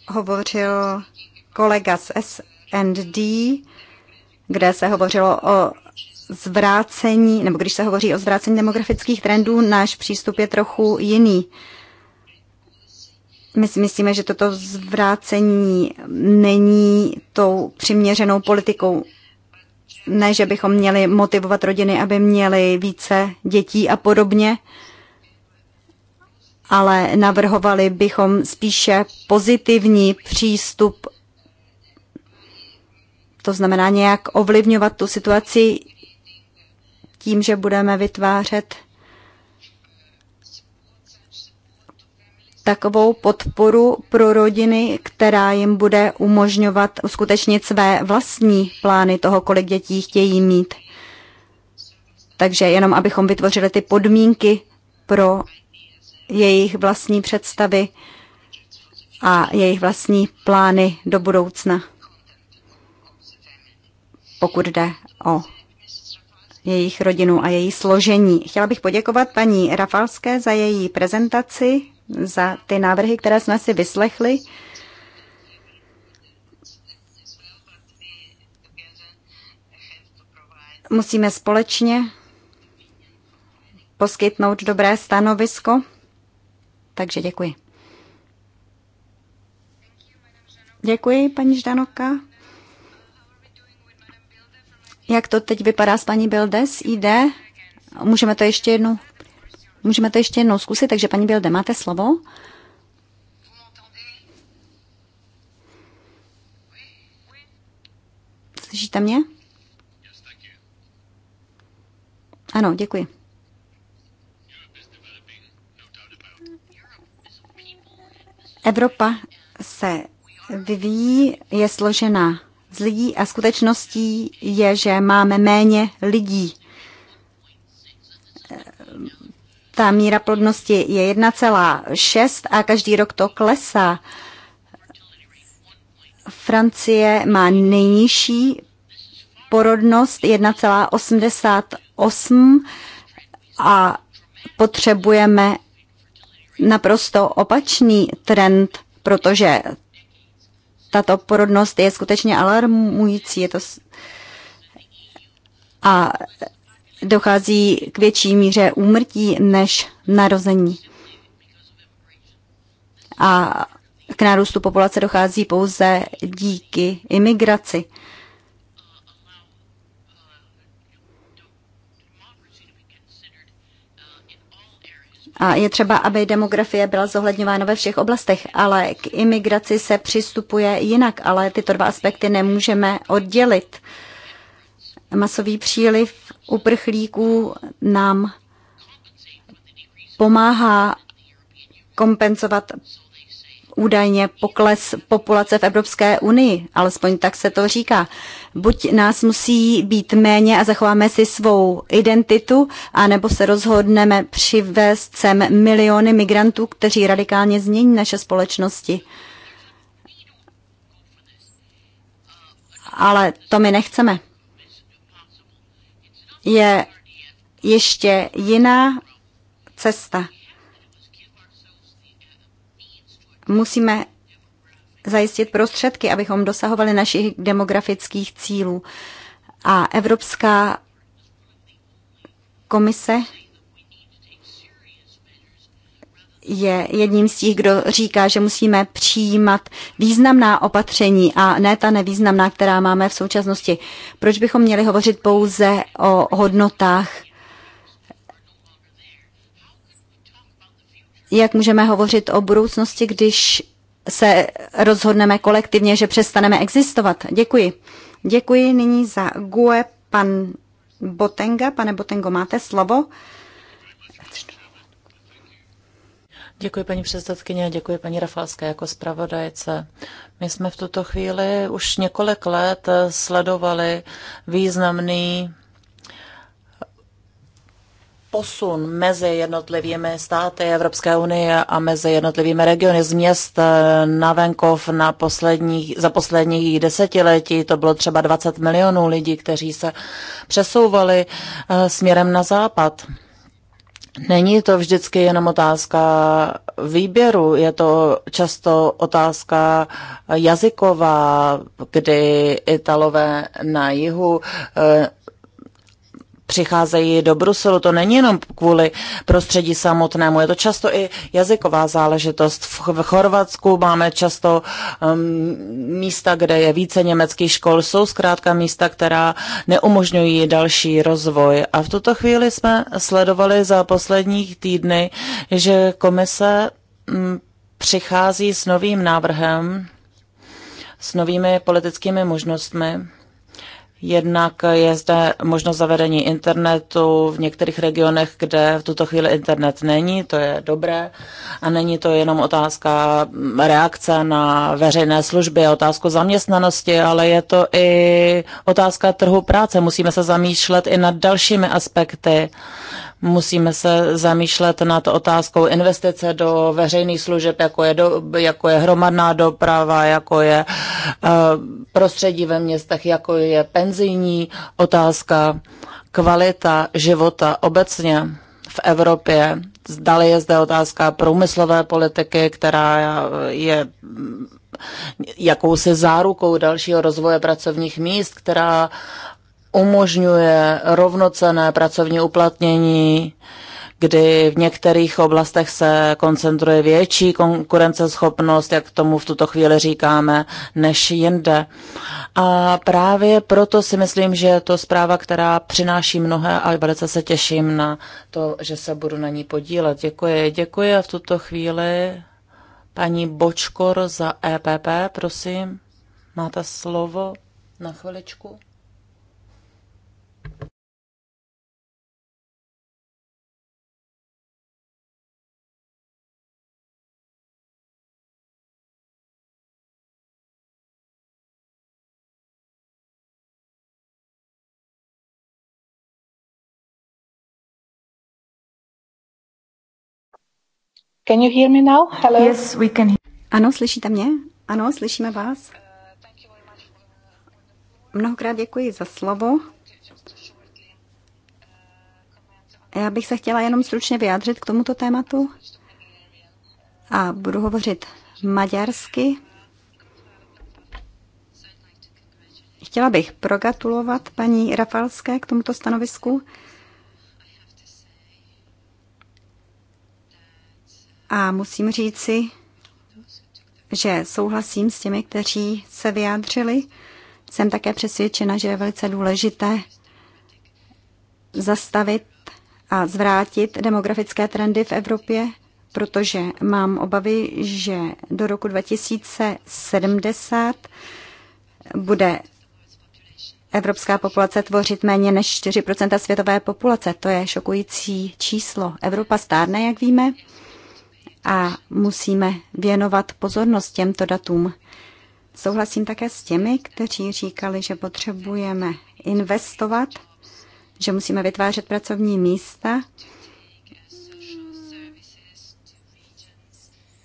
hovořil kolega z SND, kde se hovořilo o zvrácení, nebo když se hovoří o zvrácení demografických trendů, náš přístup je trochu jiný. My si myslíme, že toto zvrácení není tou přiměřenou politikou. Ne, že bychom měli motivovat rodiny, aby měly více dětí a podobně, ale navrhovali bychom spíše pozitivní přístup to znamená nějak ovlivňovat tu situaci tím, že budeme vytvářet takovou podporu pro rodiny, která jim bude umožňovat uskutečnit své vlastní plány toho, kolik dětí chtějí mít. Takže jenom abychom vytvořili ty podmínky pro jejich vlastní představy a jejich vlastní plány do budoucna, pokud jde o jejich rodinu a její složení. Chtěla bych poděkovat paní Rafalské za její prezentaci, za ty návrhy, které jsme si vyslechli. Musíme společně poskytnout dobré stanovisko, takže děkuji. Děkuji, paní Ždanoka. Jak to teď vypadá s paní Bildes? Jde? Můžeme to ještě jednou, můžeme to ještě jednou zkusit, takže paní Bilde, máte slovo? Slyšíte mě? Ano, děkuji. Evropa se vyvíjí, je složena z lidí a skutečností je, že máme méně lidí. Ta míra plodnosti je 1,6 a každý rok to klesá. Francie má nejnižší porodnost 1,88 a potřebujeme naprosto opačný trend, protože tato porodnost je skutečně alarmující. Je to a dochází k větší míře úmrtí než narození. A k nárůstu populace dochází pouze díky imigraci. A je třeba, aby demografie byla zohledňována ve všech oblastech, ale k imigraci se přistupuje jinak, ale tyto dva aspekty nemůžeme oddělit. Masový příliv uprchlíků nám pomáhá kompenzovat údajně pokles populace v Evropské unii, alespoň tak se to říká. Buď nás musí být méně a zachováme si svou identitu, anebo se rozhodneme přivést sem miliony migrantů, kteří radikálně změní naše společnosti. Ale to my nechceme. Je ještě jiná cesta. Musíme zajistit prostředky, abychom dosahovali našich demografických cílů. A Evropská komise je jedním z těch, kdo říká, že musíme přijímat významná opatření a ne ta nevýznamná, která máme v současnosti. Proč bychom měli hovořit pouze o hodnotách Jak můžeme hovořit o budoucnosti, když se rozhodneme kolektivně, že přestaneme existovat? Děkuji. Děkuji nyní za GUE pan Botenga. Pane Botengo, máte slovo. Děkuji paní předsedkyně, děkuji paní Rafalské jako zpravodajce. My jsme v tuto chvíli už několik let sledovali významný posun mezi jednotlivými státy Evropské unie a mezi jednotlivými regiony z měst eh, na venkov na poslední za posledních desetiletí. To bylo třeba 20 milionů lidí, kteří se přesouvali eh, směrem na západ. Není to vždycky jenom otázka výběru, je to často otázka jazyková, kdy Italové na jihu eh, přicházejí do Bruselu. To není jenom kvůli prostředí samotnému, je to často i jazyková záležitost. V Chorvatsku máme často um, místa, kde je více německých škol. Jsou zkrátka místa, která neumožňují další rozvoj. A v tuto chvíli jsme sledovali za posledních týdny, že komise um, přichází s novým návrhem, s novými politickými možnostmi Jednak je zde možnost zavedení internetu v některých regionech, kde v tuto chvíli internet není, to je dobré. A není to jenom otázka reakce na veřejné služby, otázku zaměstnanosti, ale je to i otázka trhu práce. Musíme se zamýšlet i nad dalšími aspekty Musíme se zamýšlet nad otázkou investice do veřejných služeb, jako je, do, jako je hromadná doprava, jako je uh, prostředí ve městech, jako je penzijní otázka, kvalita života obecně v Evropě. Zdali je zde otázka průmyslové politiky, která je jakousi zárukou dalšího rozvoje pracovních míst, která umožňuje rovnocené pracovní uplatnění, kdy v některých oblastech se koncentruje větší konkurenceschopnost, jak tomu v tuto chvíli říkáme, než jinde. A právě proto si myslím, že je to zpráva, která přináší mnohé a velice se těším na to, že se budu na ní podílet. Děkuji, děkuji a v tuto chvíli paní Bočkor za EPP, prosím, máte slovo na chviličku. Can you hear me now? Hello? Yes, we can. Ano, slyšíte mě? Ano, slyšíme vás. Mnohokrát děkuji za slovo. Já bych se chtěla jenom stručně vyjádřit k tomuto tématu a budu hovořit maďarsky. Chtěla bych progratulovat paní Rafalské k tomuto stanovisku. A musím říci, že souhlasím s těmi, kteří se vyjádřili. Jsem také přesvědčena, že je velice důležité zastavit a zvrátit demografické trendy v Evropě, protože mám obavy, že do roku 2070 bude evropská populace tvořit méně než 4 světové populace. To je šokující číslo. Evropa stárne, jak víme a musíme věnovat pozornost těmto datům. Souhlasím také s těmi, kteří říkali, že potřebujeme investovat, že musíme vytvářet pracovní místa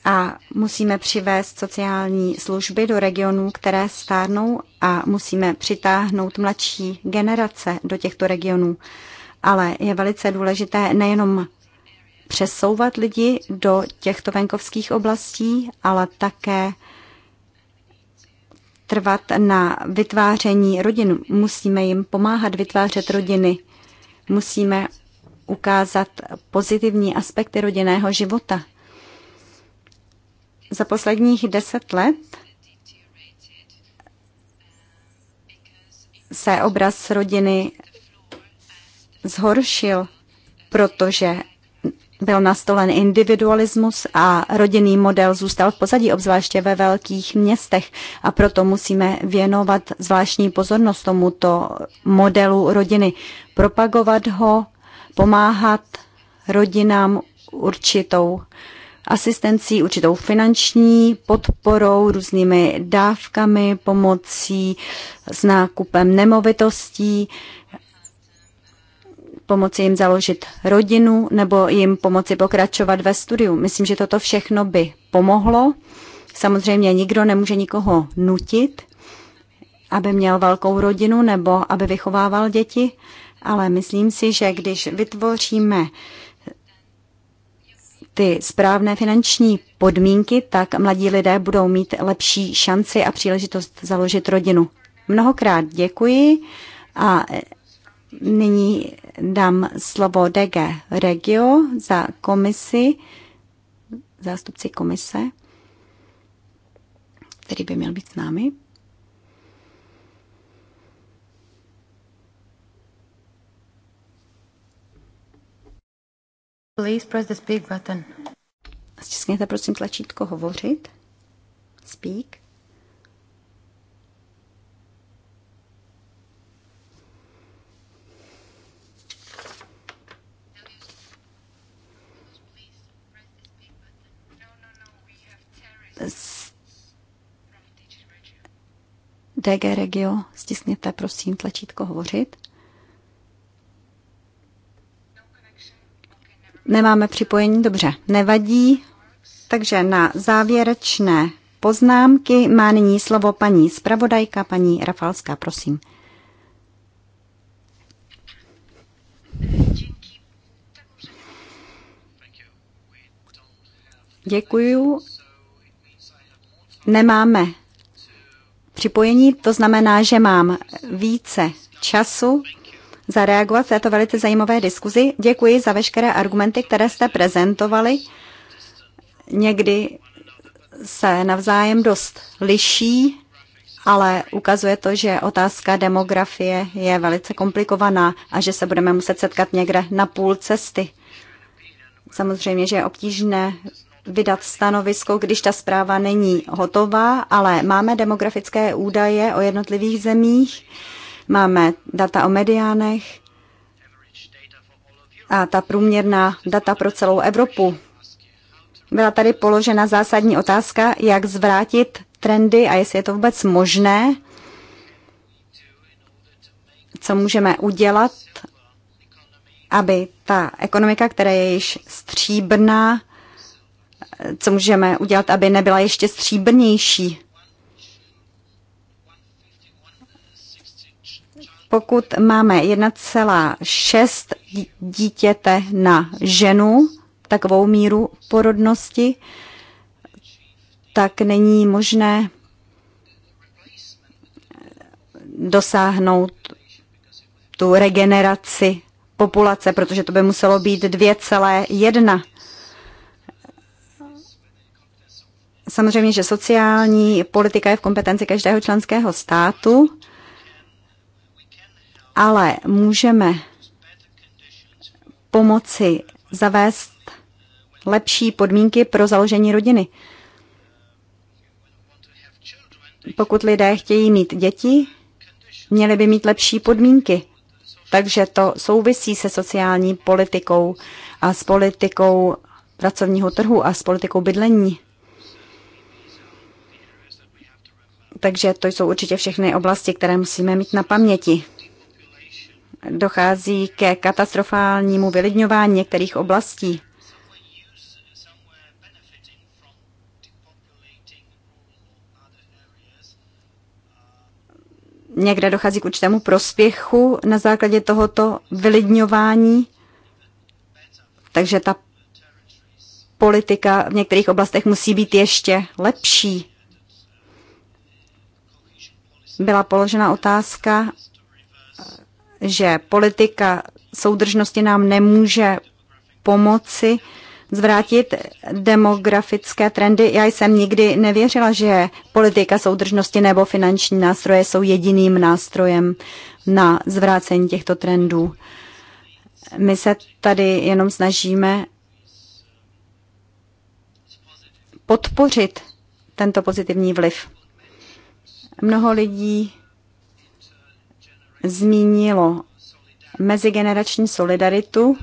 a musíme přivést sociální služby do regionů, které stárnou a musíme přitáhnout mladší generace do těchto regionů. Ale je velice důležité nejenom přesouvat lidi do těchto venkovských oblastí, ale také trvat na vytváření rodin. Musíme jim pomáhat vytvářet rodiny. Musíme ukázat pozitivní aspekty rodinného života. Za posledních deset let se obraz rodiny zhoršil, protože byl nastolen individualismus a rodinný model zůstal v pozadí, obzvláště ve velkých městech. A proto musíme věnovat zvláštní pozornost tomuto modelu rodiny, propagovat ho, pomáhat rodinám určitou asistencí, určitou finanční podporou, různými dávkami, pomocí s nákupem nemovitostí, pomoci jim založit rodinu nebo jim pomoci pokračovat ve studiu. Myslím, že toto všechno by pomohlo. Samozřejmě nikdo nemůže nikoho nutit, aby měl velkou rodinu nebo aby vychovával děti, ale myslím si, že když vytvoříme ty správné finanční podmínky, tak mladí lidé budou mít lepší šanci a příležitost založit rodinu. Mnohokrát děkuji a nyní dám slovo DG Regio za komisi, zástupci komise, který by měl být s námi. Please press the speak button. Stiskněte prosím tlačítko hovořit. Speak. DG Regio, stisněte prosím tlačítko hovořit. Nemáme připojení, dobře, nevadí. Takže na závěrečné poznámky má nyní slovo paní zpravodajka, paní Rafalská, prosím. Děkuju. Nemáme připojení. To znamená, že mám více času zareagovat v této velice zajímavé diskuzi. Děkuji za veškeré argumenty, které jste prezentovali. Někdy se navzájem dost liší, ale ukazuje to, že otázka demografie je velice komplikovaná a že se budeme muset setkat někde na půl cesty. Samozřejmě, že je obtížné vydat stanovisko, když ta zpráva není hotová, ale máme demografické údaje o jednotlivých zemích, máme data o mediánech a ta průměrná data pro celou Evropu. Byla tady položena zásadní otázka, jak zvrátit trendy a jestli je to vůbec možné, co můžeme udělat, aby ta ekonomika, která je již stříbrná, co můžeme udělat, aby nebyla ještě stříbrnější. Pokud máme 1,6 dítěte na ženu, takovou míru porodnosti, tak není možné dosáhnout tu regeneraci populace, protože to by muselo být 2,1 Samozřejmě, že sociální politika je v kompetenci každého členského státu, ale můžeme pomoci zavést lepší podmínky pro založení rodiny. Pokud lidé chtějí mít děti, měli by mít lepší podmínky. Takže to souvisí se sociální politikou a s politikou pracovního trhu a s politikou bydlení. Takže to jsou určitě všechny oblasti, které musíme mít na paměti. Dochází ke katastrofálnímu vylidňování některých oblastí. Někde dochází k určitému prospěchu na základě tohoto vylidňování, takže ta politika v některých oblastech musí být ještě lepší byla položena otázka, že politika soudržnosti nám nemůže pomoci zvrátit demografické trendy. Já jsem nikdy nevěřila, že politika soudržnosti nebo finanční nástroje jsou jediným nástrojem na zvrácení těchto trendů. My se tady jenom snažíme podpořit tento pozitivní vliv. Mnoho lidí zmínilo mezigenerační solidaritu.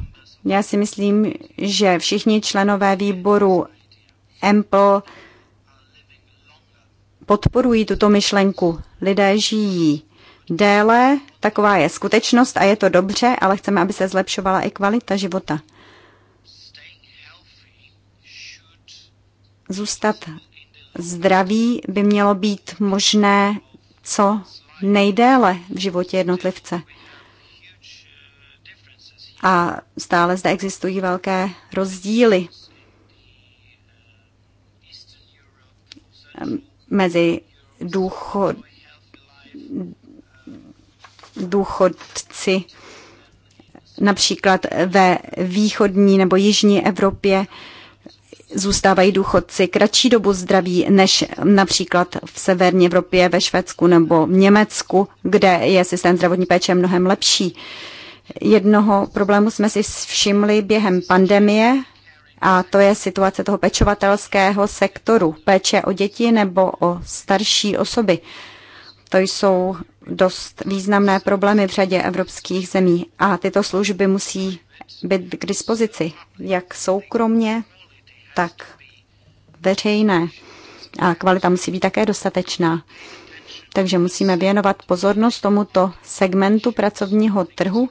Já si myslím, že všichni členové výboru EMPL podporují tuto myšlenku. Lidé žijí déle, taková je skutečnost a je to dobře, ale chceme, aby se zlepšovala i kvalita života. Zůstat zdraví by mělo být možné co nejdéle v životě jednotlivce. A stále zde existují velké rozdíly mezi důchod, důchodci například ve východní nebo jižní Evropě zůstávají důchodci kratší dobu zdraví než například v severní Evropě, ve Švédsku nebo v Německu, kde je systém zdravotní péče mnohem lepší. Jednoho problému jsme si všimli během pandemie, a to je situace toho pečovatelského sektoru, péče o děti nebo o starší osoby. To jsou dost významné problémy v řadě evropských zemí a tyto služby musí být k dispozici, jak soukromně, tak veřejné a kvalita musí být také dostatečná. Takže musíme věnovat pozornost tomuto segmentu pracovního trhu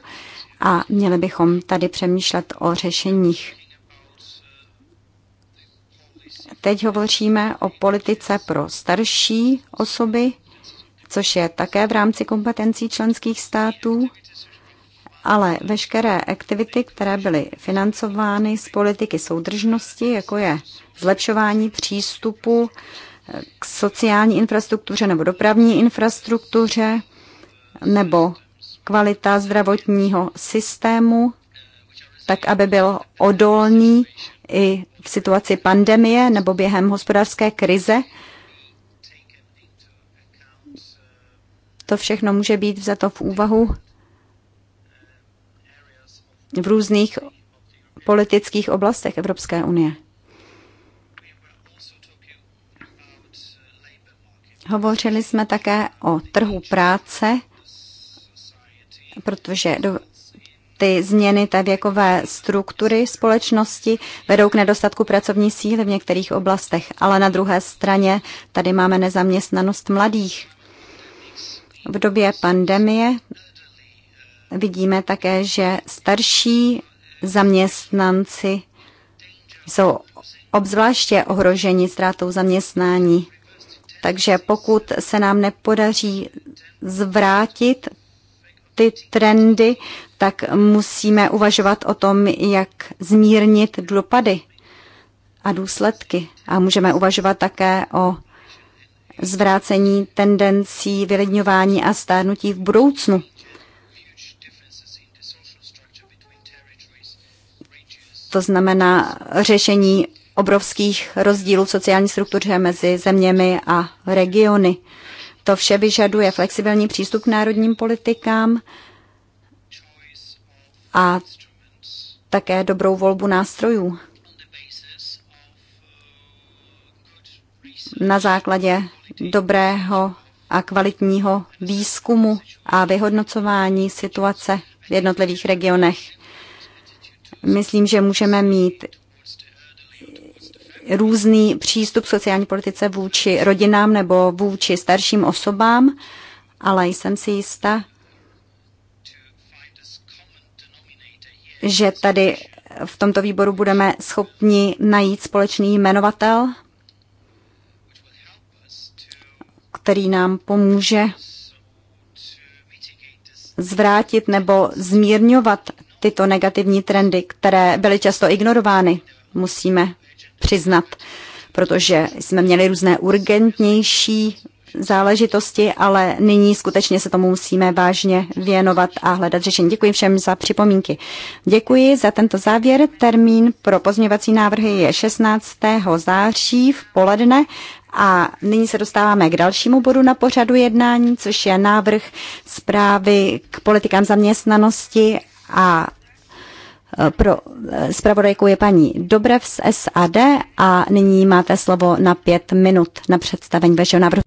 a měli bychom tady přemýšlet o řešeních. Teď hovoříme o politice pro starší osoby, což je také v rámci kompetencí členských států ale veškeré aktivity, které byly financovány z politiky soudržnosti, jako je zlepšování přístupu eh, k sociální infrastruktuře nebo dopravní infrastruktuře, nebo kvalita zdravotního systému, tak aby byl odolný i v situaci pandemie nebo během hospodářské krize. To všechno může být vzato v úvahu v různých politických oblastech Evropské unie. Hovořili jsme také o trhu práce, protože do, ty změny té věkové struktury společnosti vedou k nedostatku pracovní síly v některých oblastech, ale na druhé straně tady máme nezaměstnanost mladých. V době pandemie Vidíme také, že starší zaměstnanci jsou obzvláště ohroženi ztrátou zaměstnání. Takže pokud se nám nepodaří zvrátit ty trendy, tak musíme uvažovat o tom, jak zmírnit dopady a důsledky. A můžeme uvažovat také o zvrácení tendencí vylidňování a stárnutí v budoucnu. to znamená řešení obrovských rozdílů v sociální struktuře mezi zeměmi a regiony. To vše vyžaduje flexibilní přístup k národním politikám a také dobrou volbu nástrojů. Na základě dobrého a kvalitního výzkumu a vyhodnocování situace v jednotlivých regionech. Myslím, že můžeme mít různý přístup sociální politice vůči rodinám nebo vůči starším osobám, ale jsem si jistá, že tady v tomto výboru budeme schopni najít společný jmenovatel, který nám pomůže zvrátit nebo zmírňovat tyto negativní trendy, které byly často ignorovány, musíme přiznat, protože jsme měli různé urgentnější záležitosti, ale nyní skutečně se tomu musíme vážně věnovat a hledat řešení. Děkuji všem za připomínky. Děkuji za tento závěr. Termín pro pozměňovací návrhy je 16. září v poledne a nyní se dostáváme k dalšímu bodu na pořadu jednání, což je návrh zprávy k politikám zaměstnanosti a e, pro e, zpravodajku je paní Dobrev z SAD a nyní máte slovo na pět minut na představení vašeho návrhu.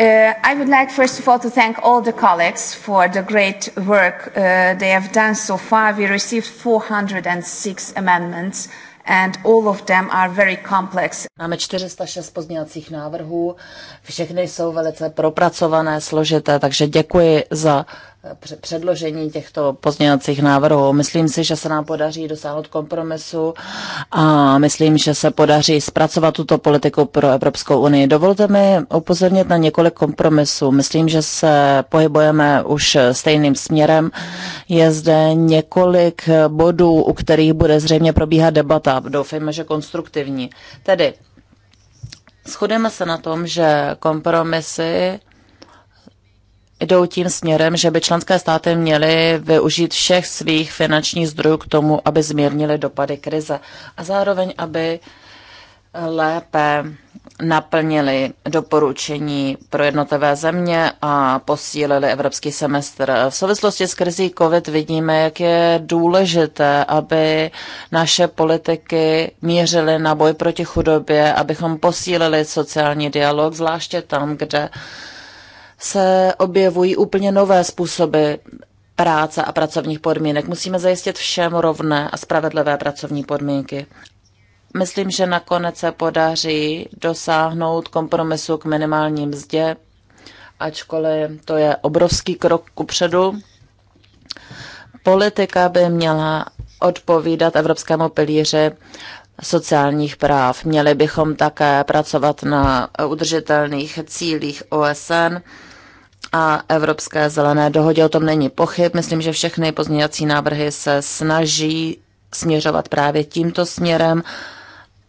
Uh, I would like first of all to thank all the colleagues for the great work uh, they have done so far. We received 406 amendments and all of them are very complex. Máme 406 pozměňovacích návrhů, všechny jsou velice propracované, složité, takže děkuji za předložení těchto pozměňovacích návrhů. Myslím si, že se nám podaří dosáhnout kompromisu a myslím, že se podaří zpracovat tuto politiku pro Evropskou unii. Dovolte mi upozornit na několik kompromisů. Myslím, že se pohybujeme už stejným směrem. Je zde několik bodů, u kterých bude zřejmě probíhat debata. Doufejme, že konstruktivní. Tedy Shodeme se na tom, že kompromisy jdou tím směrem, že by členské státy měly využít všech svých finančních zdrojů k tomu, aby zmírnili dopady krize a zároveň, aby lépe naplnili doporučení pro jednotlivé země a posílili evropský semestr. V souvislosti s krizí COVID vidíme, jak je důležité, aby naše politiky mířily na boj proti chudobě, abychom posílili sociální dialog, zvláště tam, kde se objevují úplně nové způsoby práce a pracovních podmínek. Musíme zajistit všem rovné a spravedlivé pracovní podmínky. Myslím, že nakonec se podaří dosáhnout kompromisu k minimální mzdě, ačkoliv to je obrovský krok předu. Politika by měla odpovídat Evropskému pilíři sociálních práv. Měli bychom také pracovat na udržitelných cílích OSN a Evropské zelené dohodě. O tom není pochyb. Myslím, že všechny pozměňovací návrhy se snaží směřovat právě tímto směrem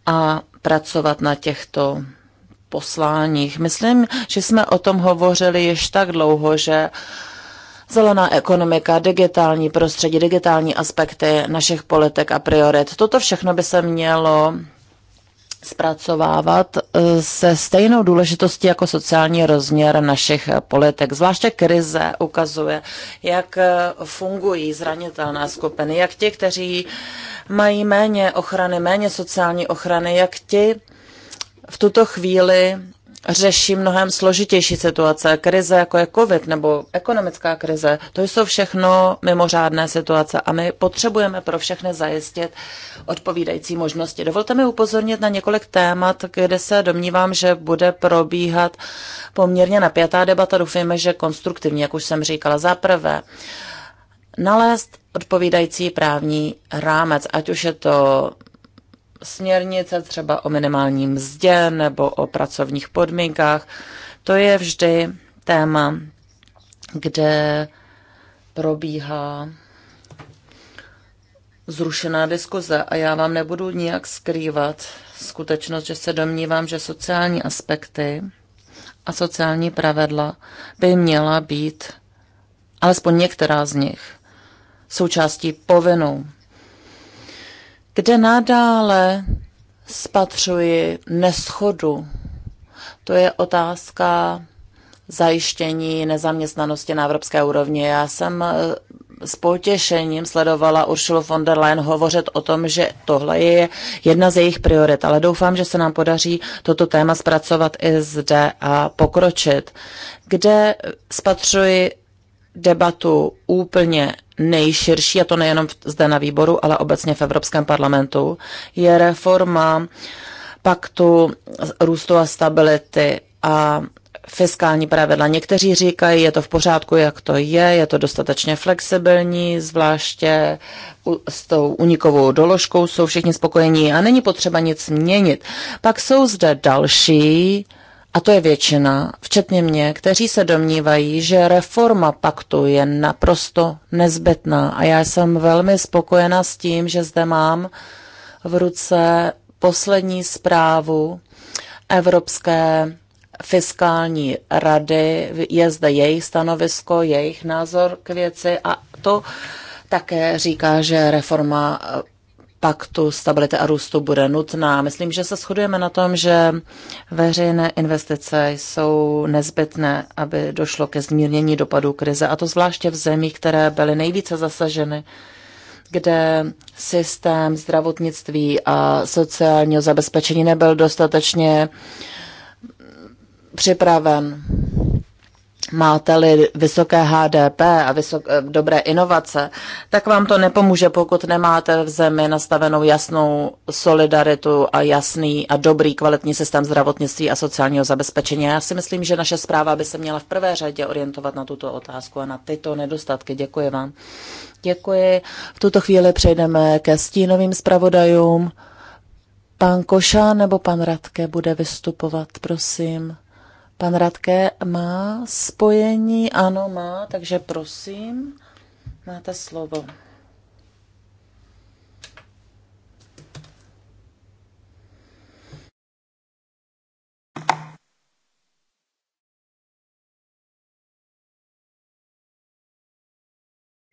a pracovat na těchto posláních. Myslím, že jsme o tom hovořili již tak dlouho, že zelená ekonomika, digitální prostředí, digitální aspekty našich politik a priorit, toto všechno by se mělo zpracovávat eh, se stejnou důležitostí jako sociální rozměr našich politik. Zvláště krize ukazuje, jak eh, fungují zranitelné skupiny, jak ti, kteří mají méně ochrany, méně sociální ochrany, jak ti v tuto chvíli řeší mnohem složitější situace, krize jako je COVID nebo ekonomická krize. To jsou všechno mimořádné situace a my potřebujeme pro všechny zajistit odpovídající možnosti. Dovolte mi upozornit na několik témat, kde se domnívám, že bude probíhat poměrně napjatá debata. Doufejme, že konstruktivní, jak už jsem říkala. Za prvé, nalézt odpovídající právní rámec, ať už je to směrnice třeba o minimálním mzdě nebo o pracovních podmínkách. To je vždy téma, kde probíhá zrušená diskuze a já vám nebudu nijak skrývat skutečnost, že se domnívám, že sociální aspekty a sociální pravidla by měla být, alespoň některá z nich, součástí povinnou kde nadále spatřuji neschodu. To je otázka zajištění nezaměstnanosti na evropské úrovni. Já jsem eh, s potěšením sledovala Uršulu von der Leyen hovořit o tom, že tohle je jedna z jejich priorit, ale doufám, že se nám podaří toto téma zpracovat i zde a pokročit. Kde spatřuji debatu úplně nejširší, a to nejenom zde na výboru, ale obecně v Evropském parlamentu, je reforma paktu růstu a stability a fiskální pravidla. Někteří říkají, je to v pořádku, jak to je, je to dostatečně flexibilní, zvláště s tou unikovou doložkou jsou všichni spokojení a není potřeba nic měnit. Pak jsou zde další a to je většina, včetně mě, kteří se domnívají, že reforma paktu je naprosto nezbytná. A já jsem velmi spokojena s tím, že zde mám v ruce poslední zprávu Evropské fiskální rady. Je zde jejich stanovisko, jejich názor k věci a to také říká, že reforma paktu stability a růstu bude nutná. Myslím, že se shodujeme na tom, že veřejné investice jsou nezbytné, aby došlo ke zmírnění dopadů krize, a to zvláště v zemích, které byly nejvíce zasaženy kde systém zdravotnictví a sociálního zabezpečení nebyl dostatečně připraven Máte-li vysoké HDP a vysok, eh, dobré inovace, tak vám to nepomůže, pokud nemáte v zemi nastavenou jasnou solidaritu a jasný a dobrý kvalitní systém zdravotnictví a sociálního zabezpečení. Já si myslím, že naše zpráva by se měla v prvé řadě orientovat na tuto otázku a na tyto nedostatky. Děkuji vám. Děkuji. V tuto chvíli přejdeme ke stínovým zpravodajům. Pan Koša nebo pan Radke bude vystupovat, prosím. Pan Radke má spojení? Ano, má, takže prosím, máte slovo.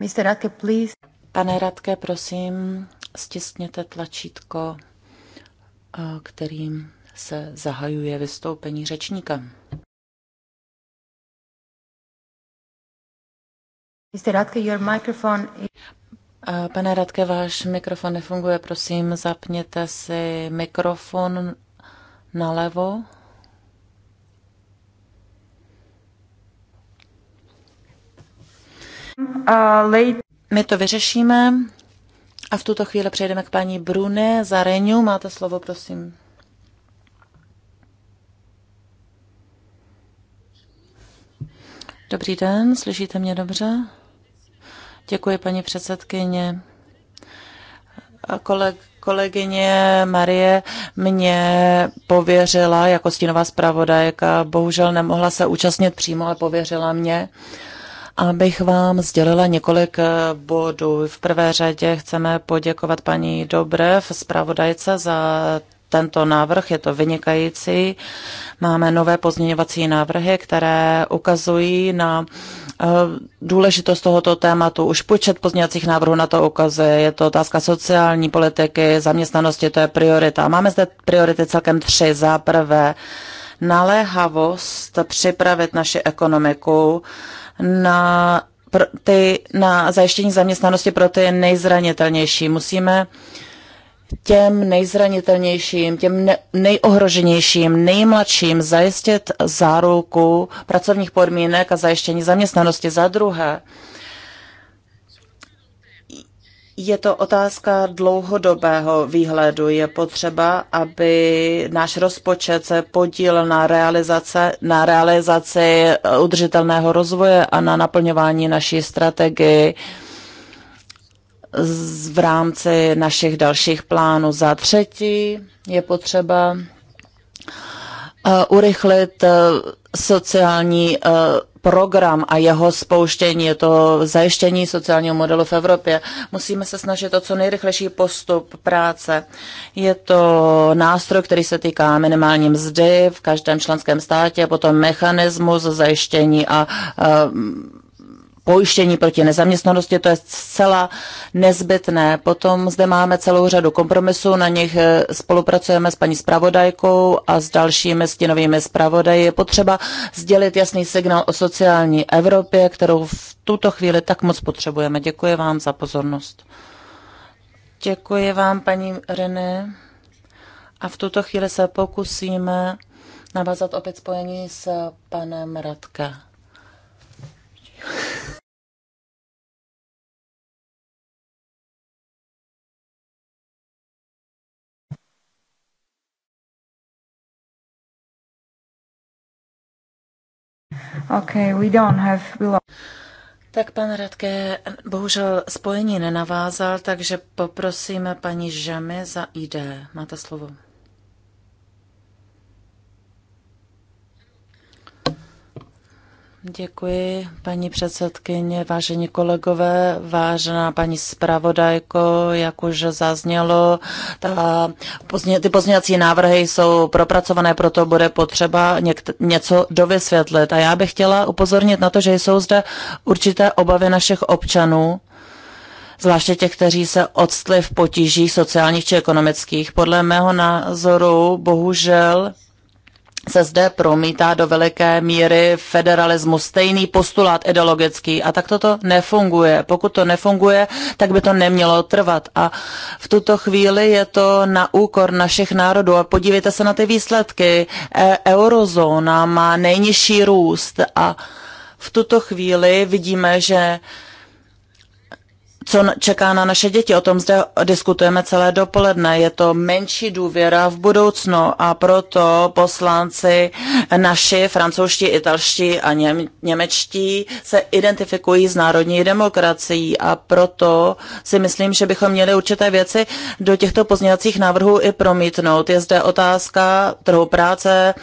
Mr. Radke, please. Pane Radke, prosím, stiskněte tlačítko, eh, kterým se zahajuje vystoupení řečníka. Mr. Radke, your microphone... Pane Radke, váš mikrofon nefunguje, prosím, zapněte si mikrofon nalevo. Uh, My to vyřešíme a v tuto chvíli přejdeme k paní Brune za Reňu. Máte slovo, prosím. Dobrý den, slyšíte mě dobře? Děkuji, paní předsedkyně. koleg, kolegyně Marie mě pověřila jako stínová zpravodajka, bohužel nemohla se účastnit přímo, ale pověřila mě, abych vám sdělila několik eh, bodů. V prvé řadě chceme poděkovat paní Dobrev, zpravodajce, za tento návrh, je to vynikající. Máme nové pozměňovací návrhy, které ukazují na uh, Eh, důležitost tohoto tématu. Už počet pozměňovacích návrhů na to ukazuje. Je to otázka sociální politiky, zaměstnanosti, to je priorita. Máme zde priority celkem tři. Za prvé, naléhavost připravit naši ekonomiku na, ty, na zajištění zaměstnanosti pro ty nejzranitelnější. Musíme uh, těm nejzranitelnějším, těm nejohroženějším, nejmladším zajistit záruku pracovních podmínek a zajištění zaměstnanosti. Za druhé, je to otázka dlouhodobého výhledu. Je potřeba, aby náš rozpočet se podíl na, realizace, na realizaci udržitelného rozvoje a na naplňování naší strategii v rámci našich dalších plánů. Za třetí je potřeba eh, urychlit eh, sociální eh, program a jeho spouštění, je to zajištění sociálního modelu v Evropě. Musíme se snažit o co nejrychlejší postup práce. Je to nástroj, který se týká minimální mzdy v každém členském státě, potom mechanismus zajištění a pojištění proti nezaměstnanosti, to je zcela nezbytné. Potom zde máme celou řadu kompromisů, na nich eh, spolupracujeme s paní zpravodajkou a s dalšími stinovými zpravodaji. Je potřeba sdělit jasný signál o sociální Evropě, kterou v tuto chvíli tak moc potřebujeme. Děkuji vám za pozornost. Děkuji vám, paní René. A v tuto chvíli se pokusíme navázat opět spojení s panem Radka. Okay, we don't have below. Tak pan Radke bohužel spojení nenavázal, takže poprosíme paní Žamy za ID. Máte slovo. Děkuji, paní předsedkyně, vážení kolegové, vážená paní zpravodajko, jak už zaznělo, ta, ty pozměňovací návrhy jsou propracované, proto bude potřeba něk, něco dovysvětlit. A já bych chtěla upozornit na to, že jsou zde určité obavy našich občanů, zvláště těch, kteří se odstli v potížích sociálních či ekonomických. Podle mého názoru, bohužel, se zde promítá do veliké míry federalismu. Stejný postulát ideologický a tak toto nefunguje. Pokud to nefunguje, tak by to nemělo trvat. A v tuto chvíli je to na úkor našich národů. A podívejte se na ty výsledky. E, eurozóna má nejnižší růst a v tuto chvíli vidíme, že co čeká na naše děti. O tom zde diskutujeme celé dopoledne. Je to menší důvěra v budoucno a proto poslanci naši, francouzští, italští a něm, němečtí se identifikují s národní demokracií a proto si myslím, že bychom měli určité věci do těchto pozměňovacích návrhů i promítnout. Je zde otázka trhu práce,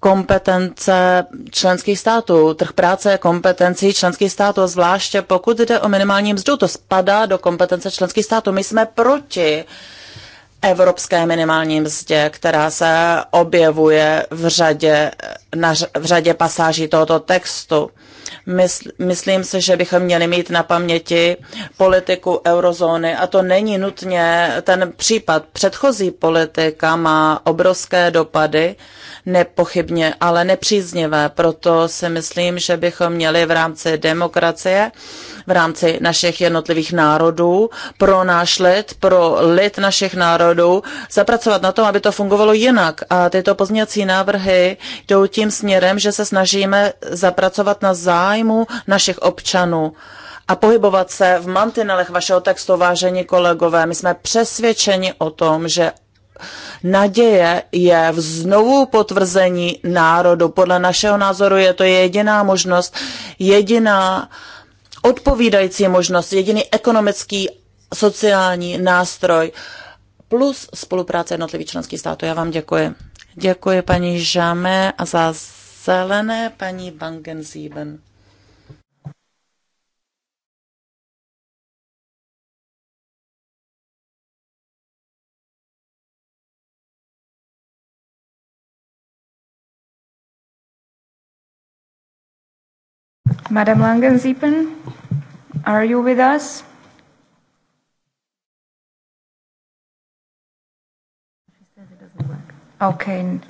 kompetence členských států. Trh práce je kompetencí členských států, zvláště pokud jde o minimální mzdu. To spadá do kompetence členských států. My jsme proti evropské minimální mzdě, která se objevuje v řadě, na, v řadě pasáží tohoto textu. Mysl, myslím si, že bychom měli mít na paměti politiku eurozóny a to není nutně ten případ. Předchozí politika má obrovské dopady nepochybně, ale nepříznivé. Proto si myslím, že bychom měli v rámci demokracie, v rámci našich jednotlivých národů, pro náš lid, pro lid našich národů, zapracovat na tom, aby to fungovalo jinak. A tyto pozměcí návrhy jdou tím směrem, že se snažíme zapracovat na zájmu našich občanů a pohybovat se v mantinelech vašeho textu, vážení kolegové. My jsme přesvědčeni o tom, že Naděje je v znovu potvrzení národu. Podle našeho názoru je to jediná možnost, jediná odpovídající možnost, jediný ekonomický sociální nástroj plus spolupráce jednotlivých členských států. Já vám děkuji. Děkuji paní Žame a za zelené paní Bangen-Sieben. Madam Langensiepen, are you with us? Okay,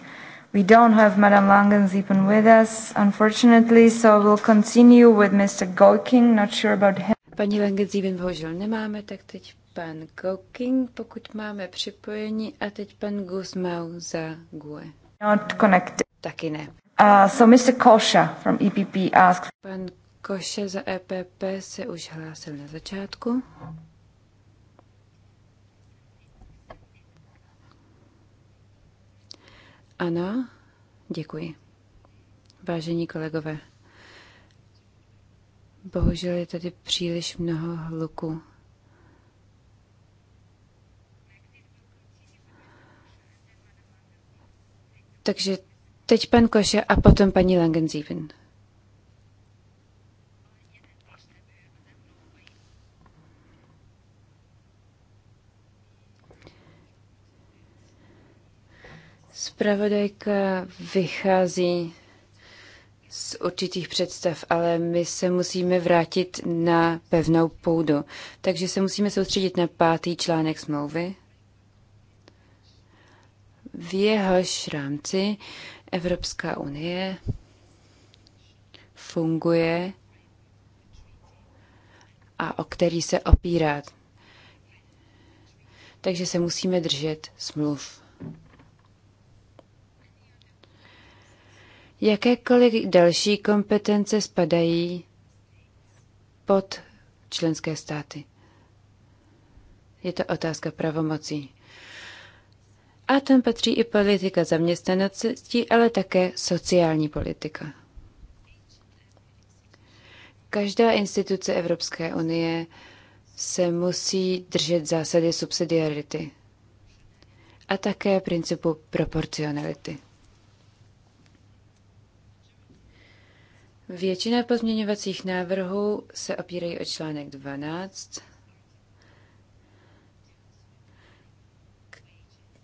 we don't have Madam Langensiepen with us, unfortunately, so we'll continue with Mr. Goking, not sure about him. Paní Langensiepen bohužel nemáme, tak teď pan Goking, pokud máme připojení, a teď pan Guzmau za GUE. Not connected. Taky ne. Uh, so Mr. Kosha from EPP asked... Pan Koše za EPP se už hlásil na začátku. Ano, děkuji. Vážení kolegové, bohužel je tady příliš mnoho hluku. Takže Teď pan Koše a potom paní Langenzieven. Spravodajka vychází z určitých představ, ale my se musíme vrátit na pevnou půdu. Takže se musíme soustředit na pátý článek smlouvy. V jehož rámci Evropská unie funguje a o který se opírat. Takže se musíme držet smluv. Jakékoliv další kompetence spadají pod členské státy. Je to otázka pravomocí. A tam patří i politika zaměstnanosti, ale také sociální politika. Každá instituce Evropské unie se musí držet zásady subsidiarity a také principu proporcionality. Většina pozměňovacích návrhů se opírají o článek 12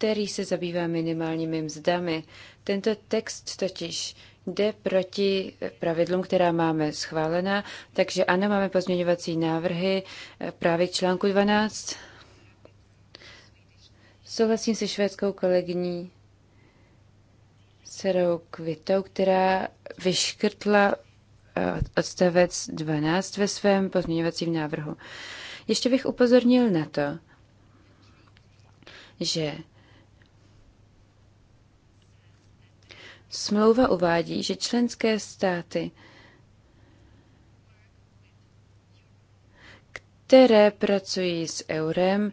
který se zabývá minimálními mzdami. Tento text totiž jde proti pravidlům, která máme schválena, takže ano, máme pozměňovací návrhy eh, právě k článku 12. Souhlasím se švédskou kolegyní Serou Kvitou, která vyškrtla eh, odstavec 12 ve svém pozměňovacím návrhu. Ještě bych upozornil na to, že Smlouva uvádí, že členské státy, které pracují s eurem,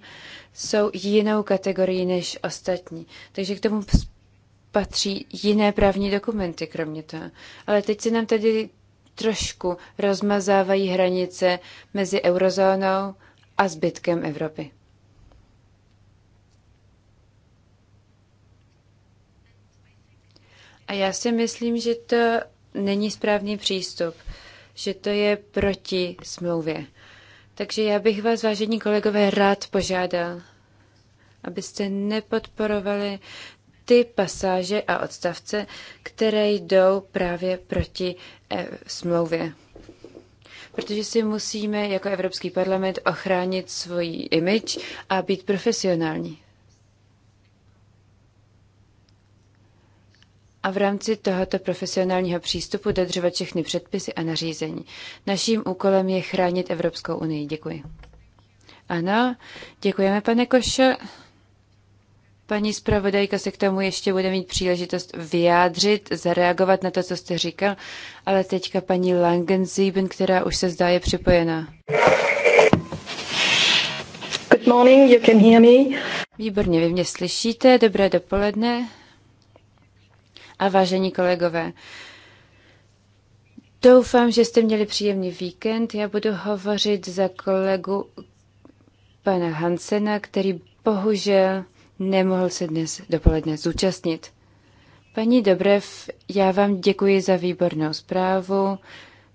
jsou jinou kategorií než ostatní. Takže k tomu patří jiné právní dokumenty, kromě toho. Ale teď se nám tady trošku rozmazávají hranice mezi eurozónou a zbytkem Evropy. A já si myslím, že to není správný přístup, že to je proti smlouvě. Takže já bych vás, vážení kolegové, rád požádal, abyste nepodporovali ty pasáže a odstavce, které jdou právě proti e, smlouvě. Protože si musíme jako Evropský parlament ochránit svůj image a být profesionální. a v rámci tohoto profesionálního přístupu dodržovat všechny předpisy a nařízení. Naším úkolem je chránit Evropskou unii. Děkuji. Ano, děkujeme, pane Koše. Paní zpravodajka se k tomu ještě bude mít příležitost vyjádřit, zareagovat na to, co jste říkal, ale teďka paní Langensieben, která už se zdá je připojená. Good morning, you can hear me. Výborně, vy mě slyšíte, dobré dopoledne a vážení kolegové. Doufám, že jste měli příjemný víkend. Já budu hovořit za kolegu pana Hansena, který bohužel nemohl se dnes dopoledne zúčastnit. Paní Dobrev, já vám děkuji za výbornou zprávu,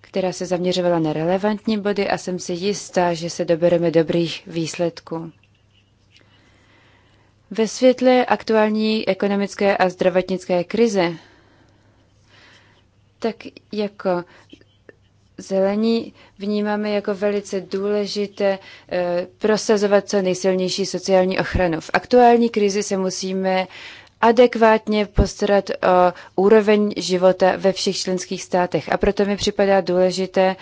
která se zaměřovala na relevantní body a jsem si jistá, že se dobereme dobrých výsledků. Ve světle aktuální ekonomické a zdravotnické krize, tak jako zelení vnímáme jako velice důležité eh, prosazovat co nejsilnější sociální ochranu. V aktuální krizi se musíme adekvátně postarat o úroveň života ve všech členských státech. A proto mi připadá důležité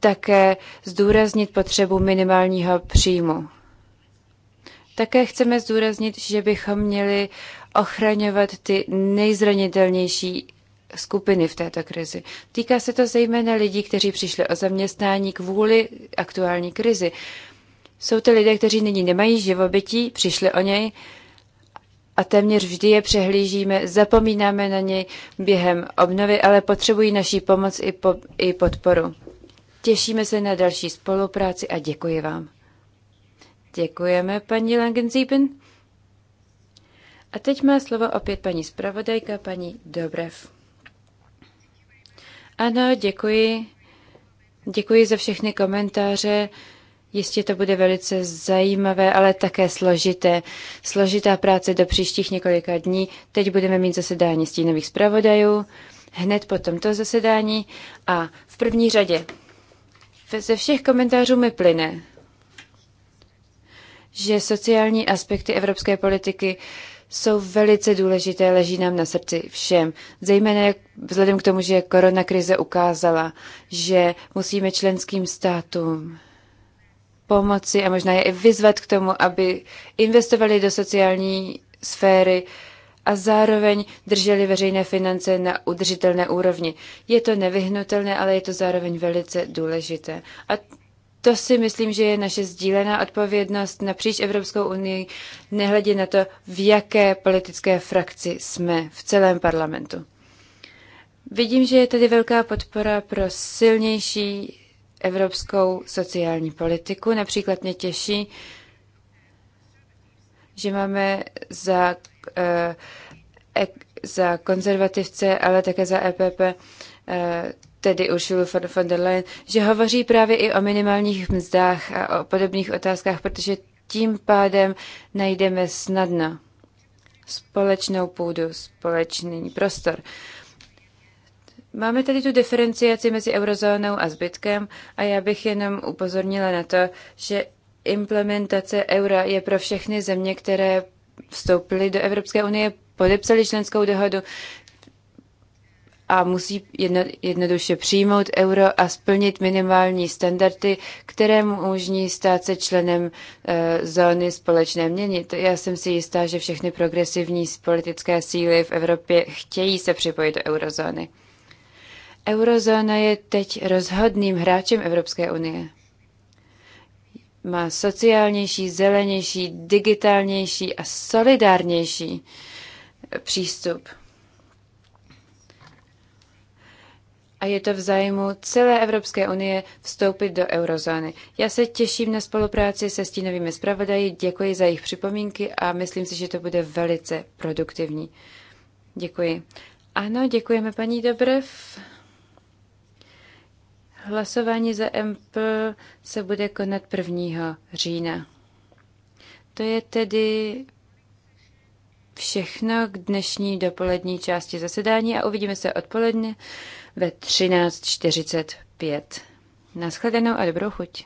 také zdůraznit potřebu minimálního příjmu. Také chceme zdůraznit, že bychom měli ochraňovat ty nejzranitelnější skupiny v této krizi. Týká se to zejména lidí, kteří přišli o zaměstnání kvůli aktuální krizi. Jsou to lidé, kteří nyní nemají živobytí, přišli o něj a téměř vždy je přehlížíme, zapomínáme na něj během obnovy, ale potřebují naší pomoc i, po, i podporu. Těšíme se na další spolupráci a děkuji vám. Děkujeme, paní Langenzieben. A teď má slovo opět paní zpravodajka, paní Dobrev. Ano, děkuji. Děkuji za všechny komentáře. Jistě to bude velice zajímavé, ale také složité. Složitá práce do příštích několika dní. Teď budeme mít zasedání stínových zpravodajů hned po tomto zasedání. A v první řadě ze všech komentářů mi plyne, že sociální aspekty evropské politiky jsou velice důležité, leží nám na srdci všem. Zejména vzhledem k tomu, že korona krize ukázala, že musíme členským státům pomoci a možná je i vyzvat k tomu, aby investovali do sociální sféry a zároveň drželi veřejné finance na udržitelné úrovni. Je to nevyhnutelné, ale je to zároveň velice důležité. A to si myslím, že je naše sdílená odpovědnost napříč Evropskou unii, nehledě na to, v jaké politické frakci jsme v celém parlamentu. Vidím, že je tady velká podpora pro silnější evropskou sociální politiku. Například mě těší, že máme za, eh, za konzervativce, ale také za EPP eh, tedy Ursula von der Leyen, že hovoří právě i o minimálních mzdách a o podobných otázkách, protože tím pádem najdeme snadno společnou půdu, společný prostor. Máme tady tu diferenciaci mezi eurozónou a zbytkem a já bych jenom upozornila na to, že implementace eura je pro všechny země, které vstoupily do Evropské unie, podepsali členskou dohodu, a musí jedno, jednoduše přijmout euro a splnit minimální standardy, které mu umožní stát se členem e, zóny společné měny. To já jsem si jistá, že všechny progresivní politické síly v Evropě chtějí se připojit do eurozóny. Eurozóna je teď rozhodným hráčem Evropské unie. Má sociálnější, zelenější, digitálnější a solidárnější přístup a je to v zájmu celé Evropské unie vstoupit do eurozóny. Já se těším na spolupráci se stínovými zpravodaji, děkuji za jejich připomínky a myslím si, že to bude velice produktivní. Děkuji. Ano, děkujeme paní Dobrev. Hlasování za MP se bude konat 1. října. To je tedy všechno k dnešní dopolední části zasedání a uvidíme se odpoledne ve 13.45. Naschledanou a dobrou chuť.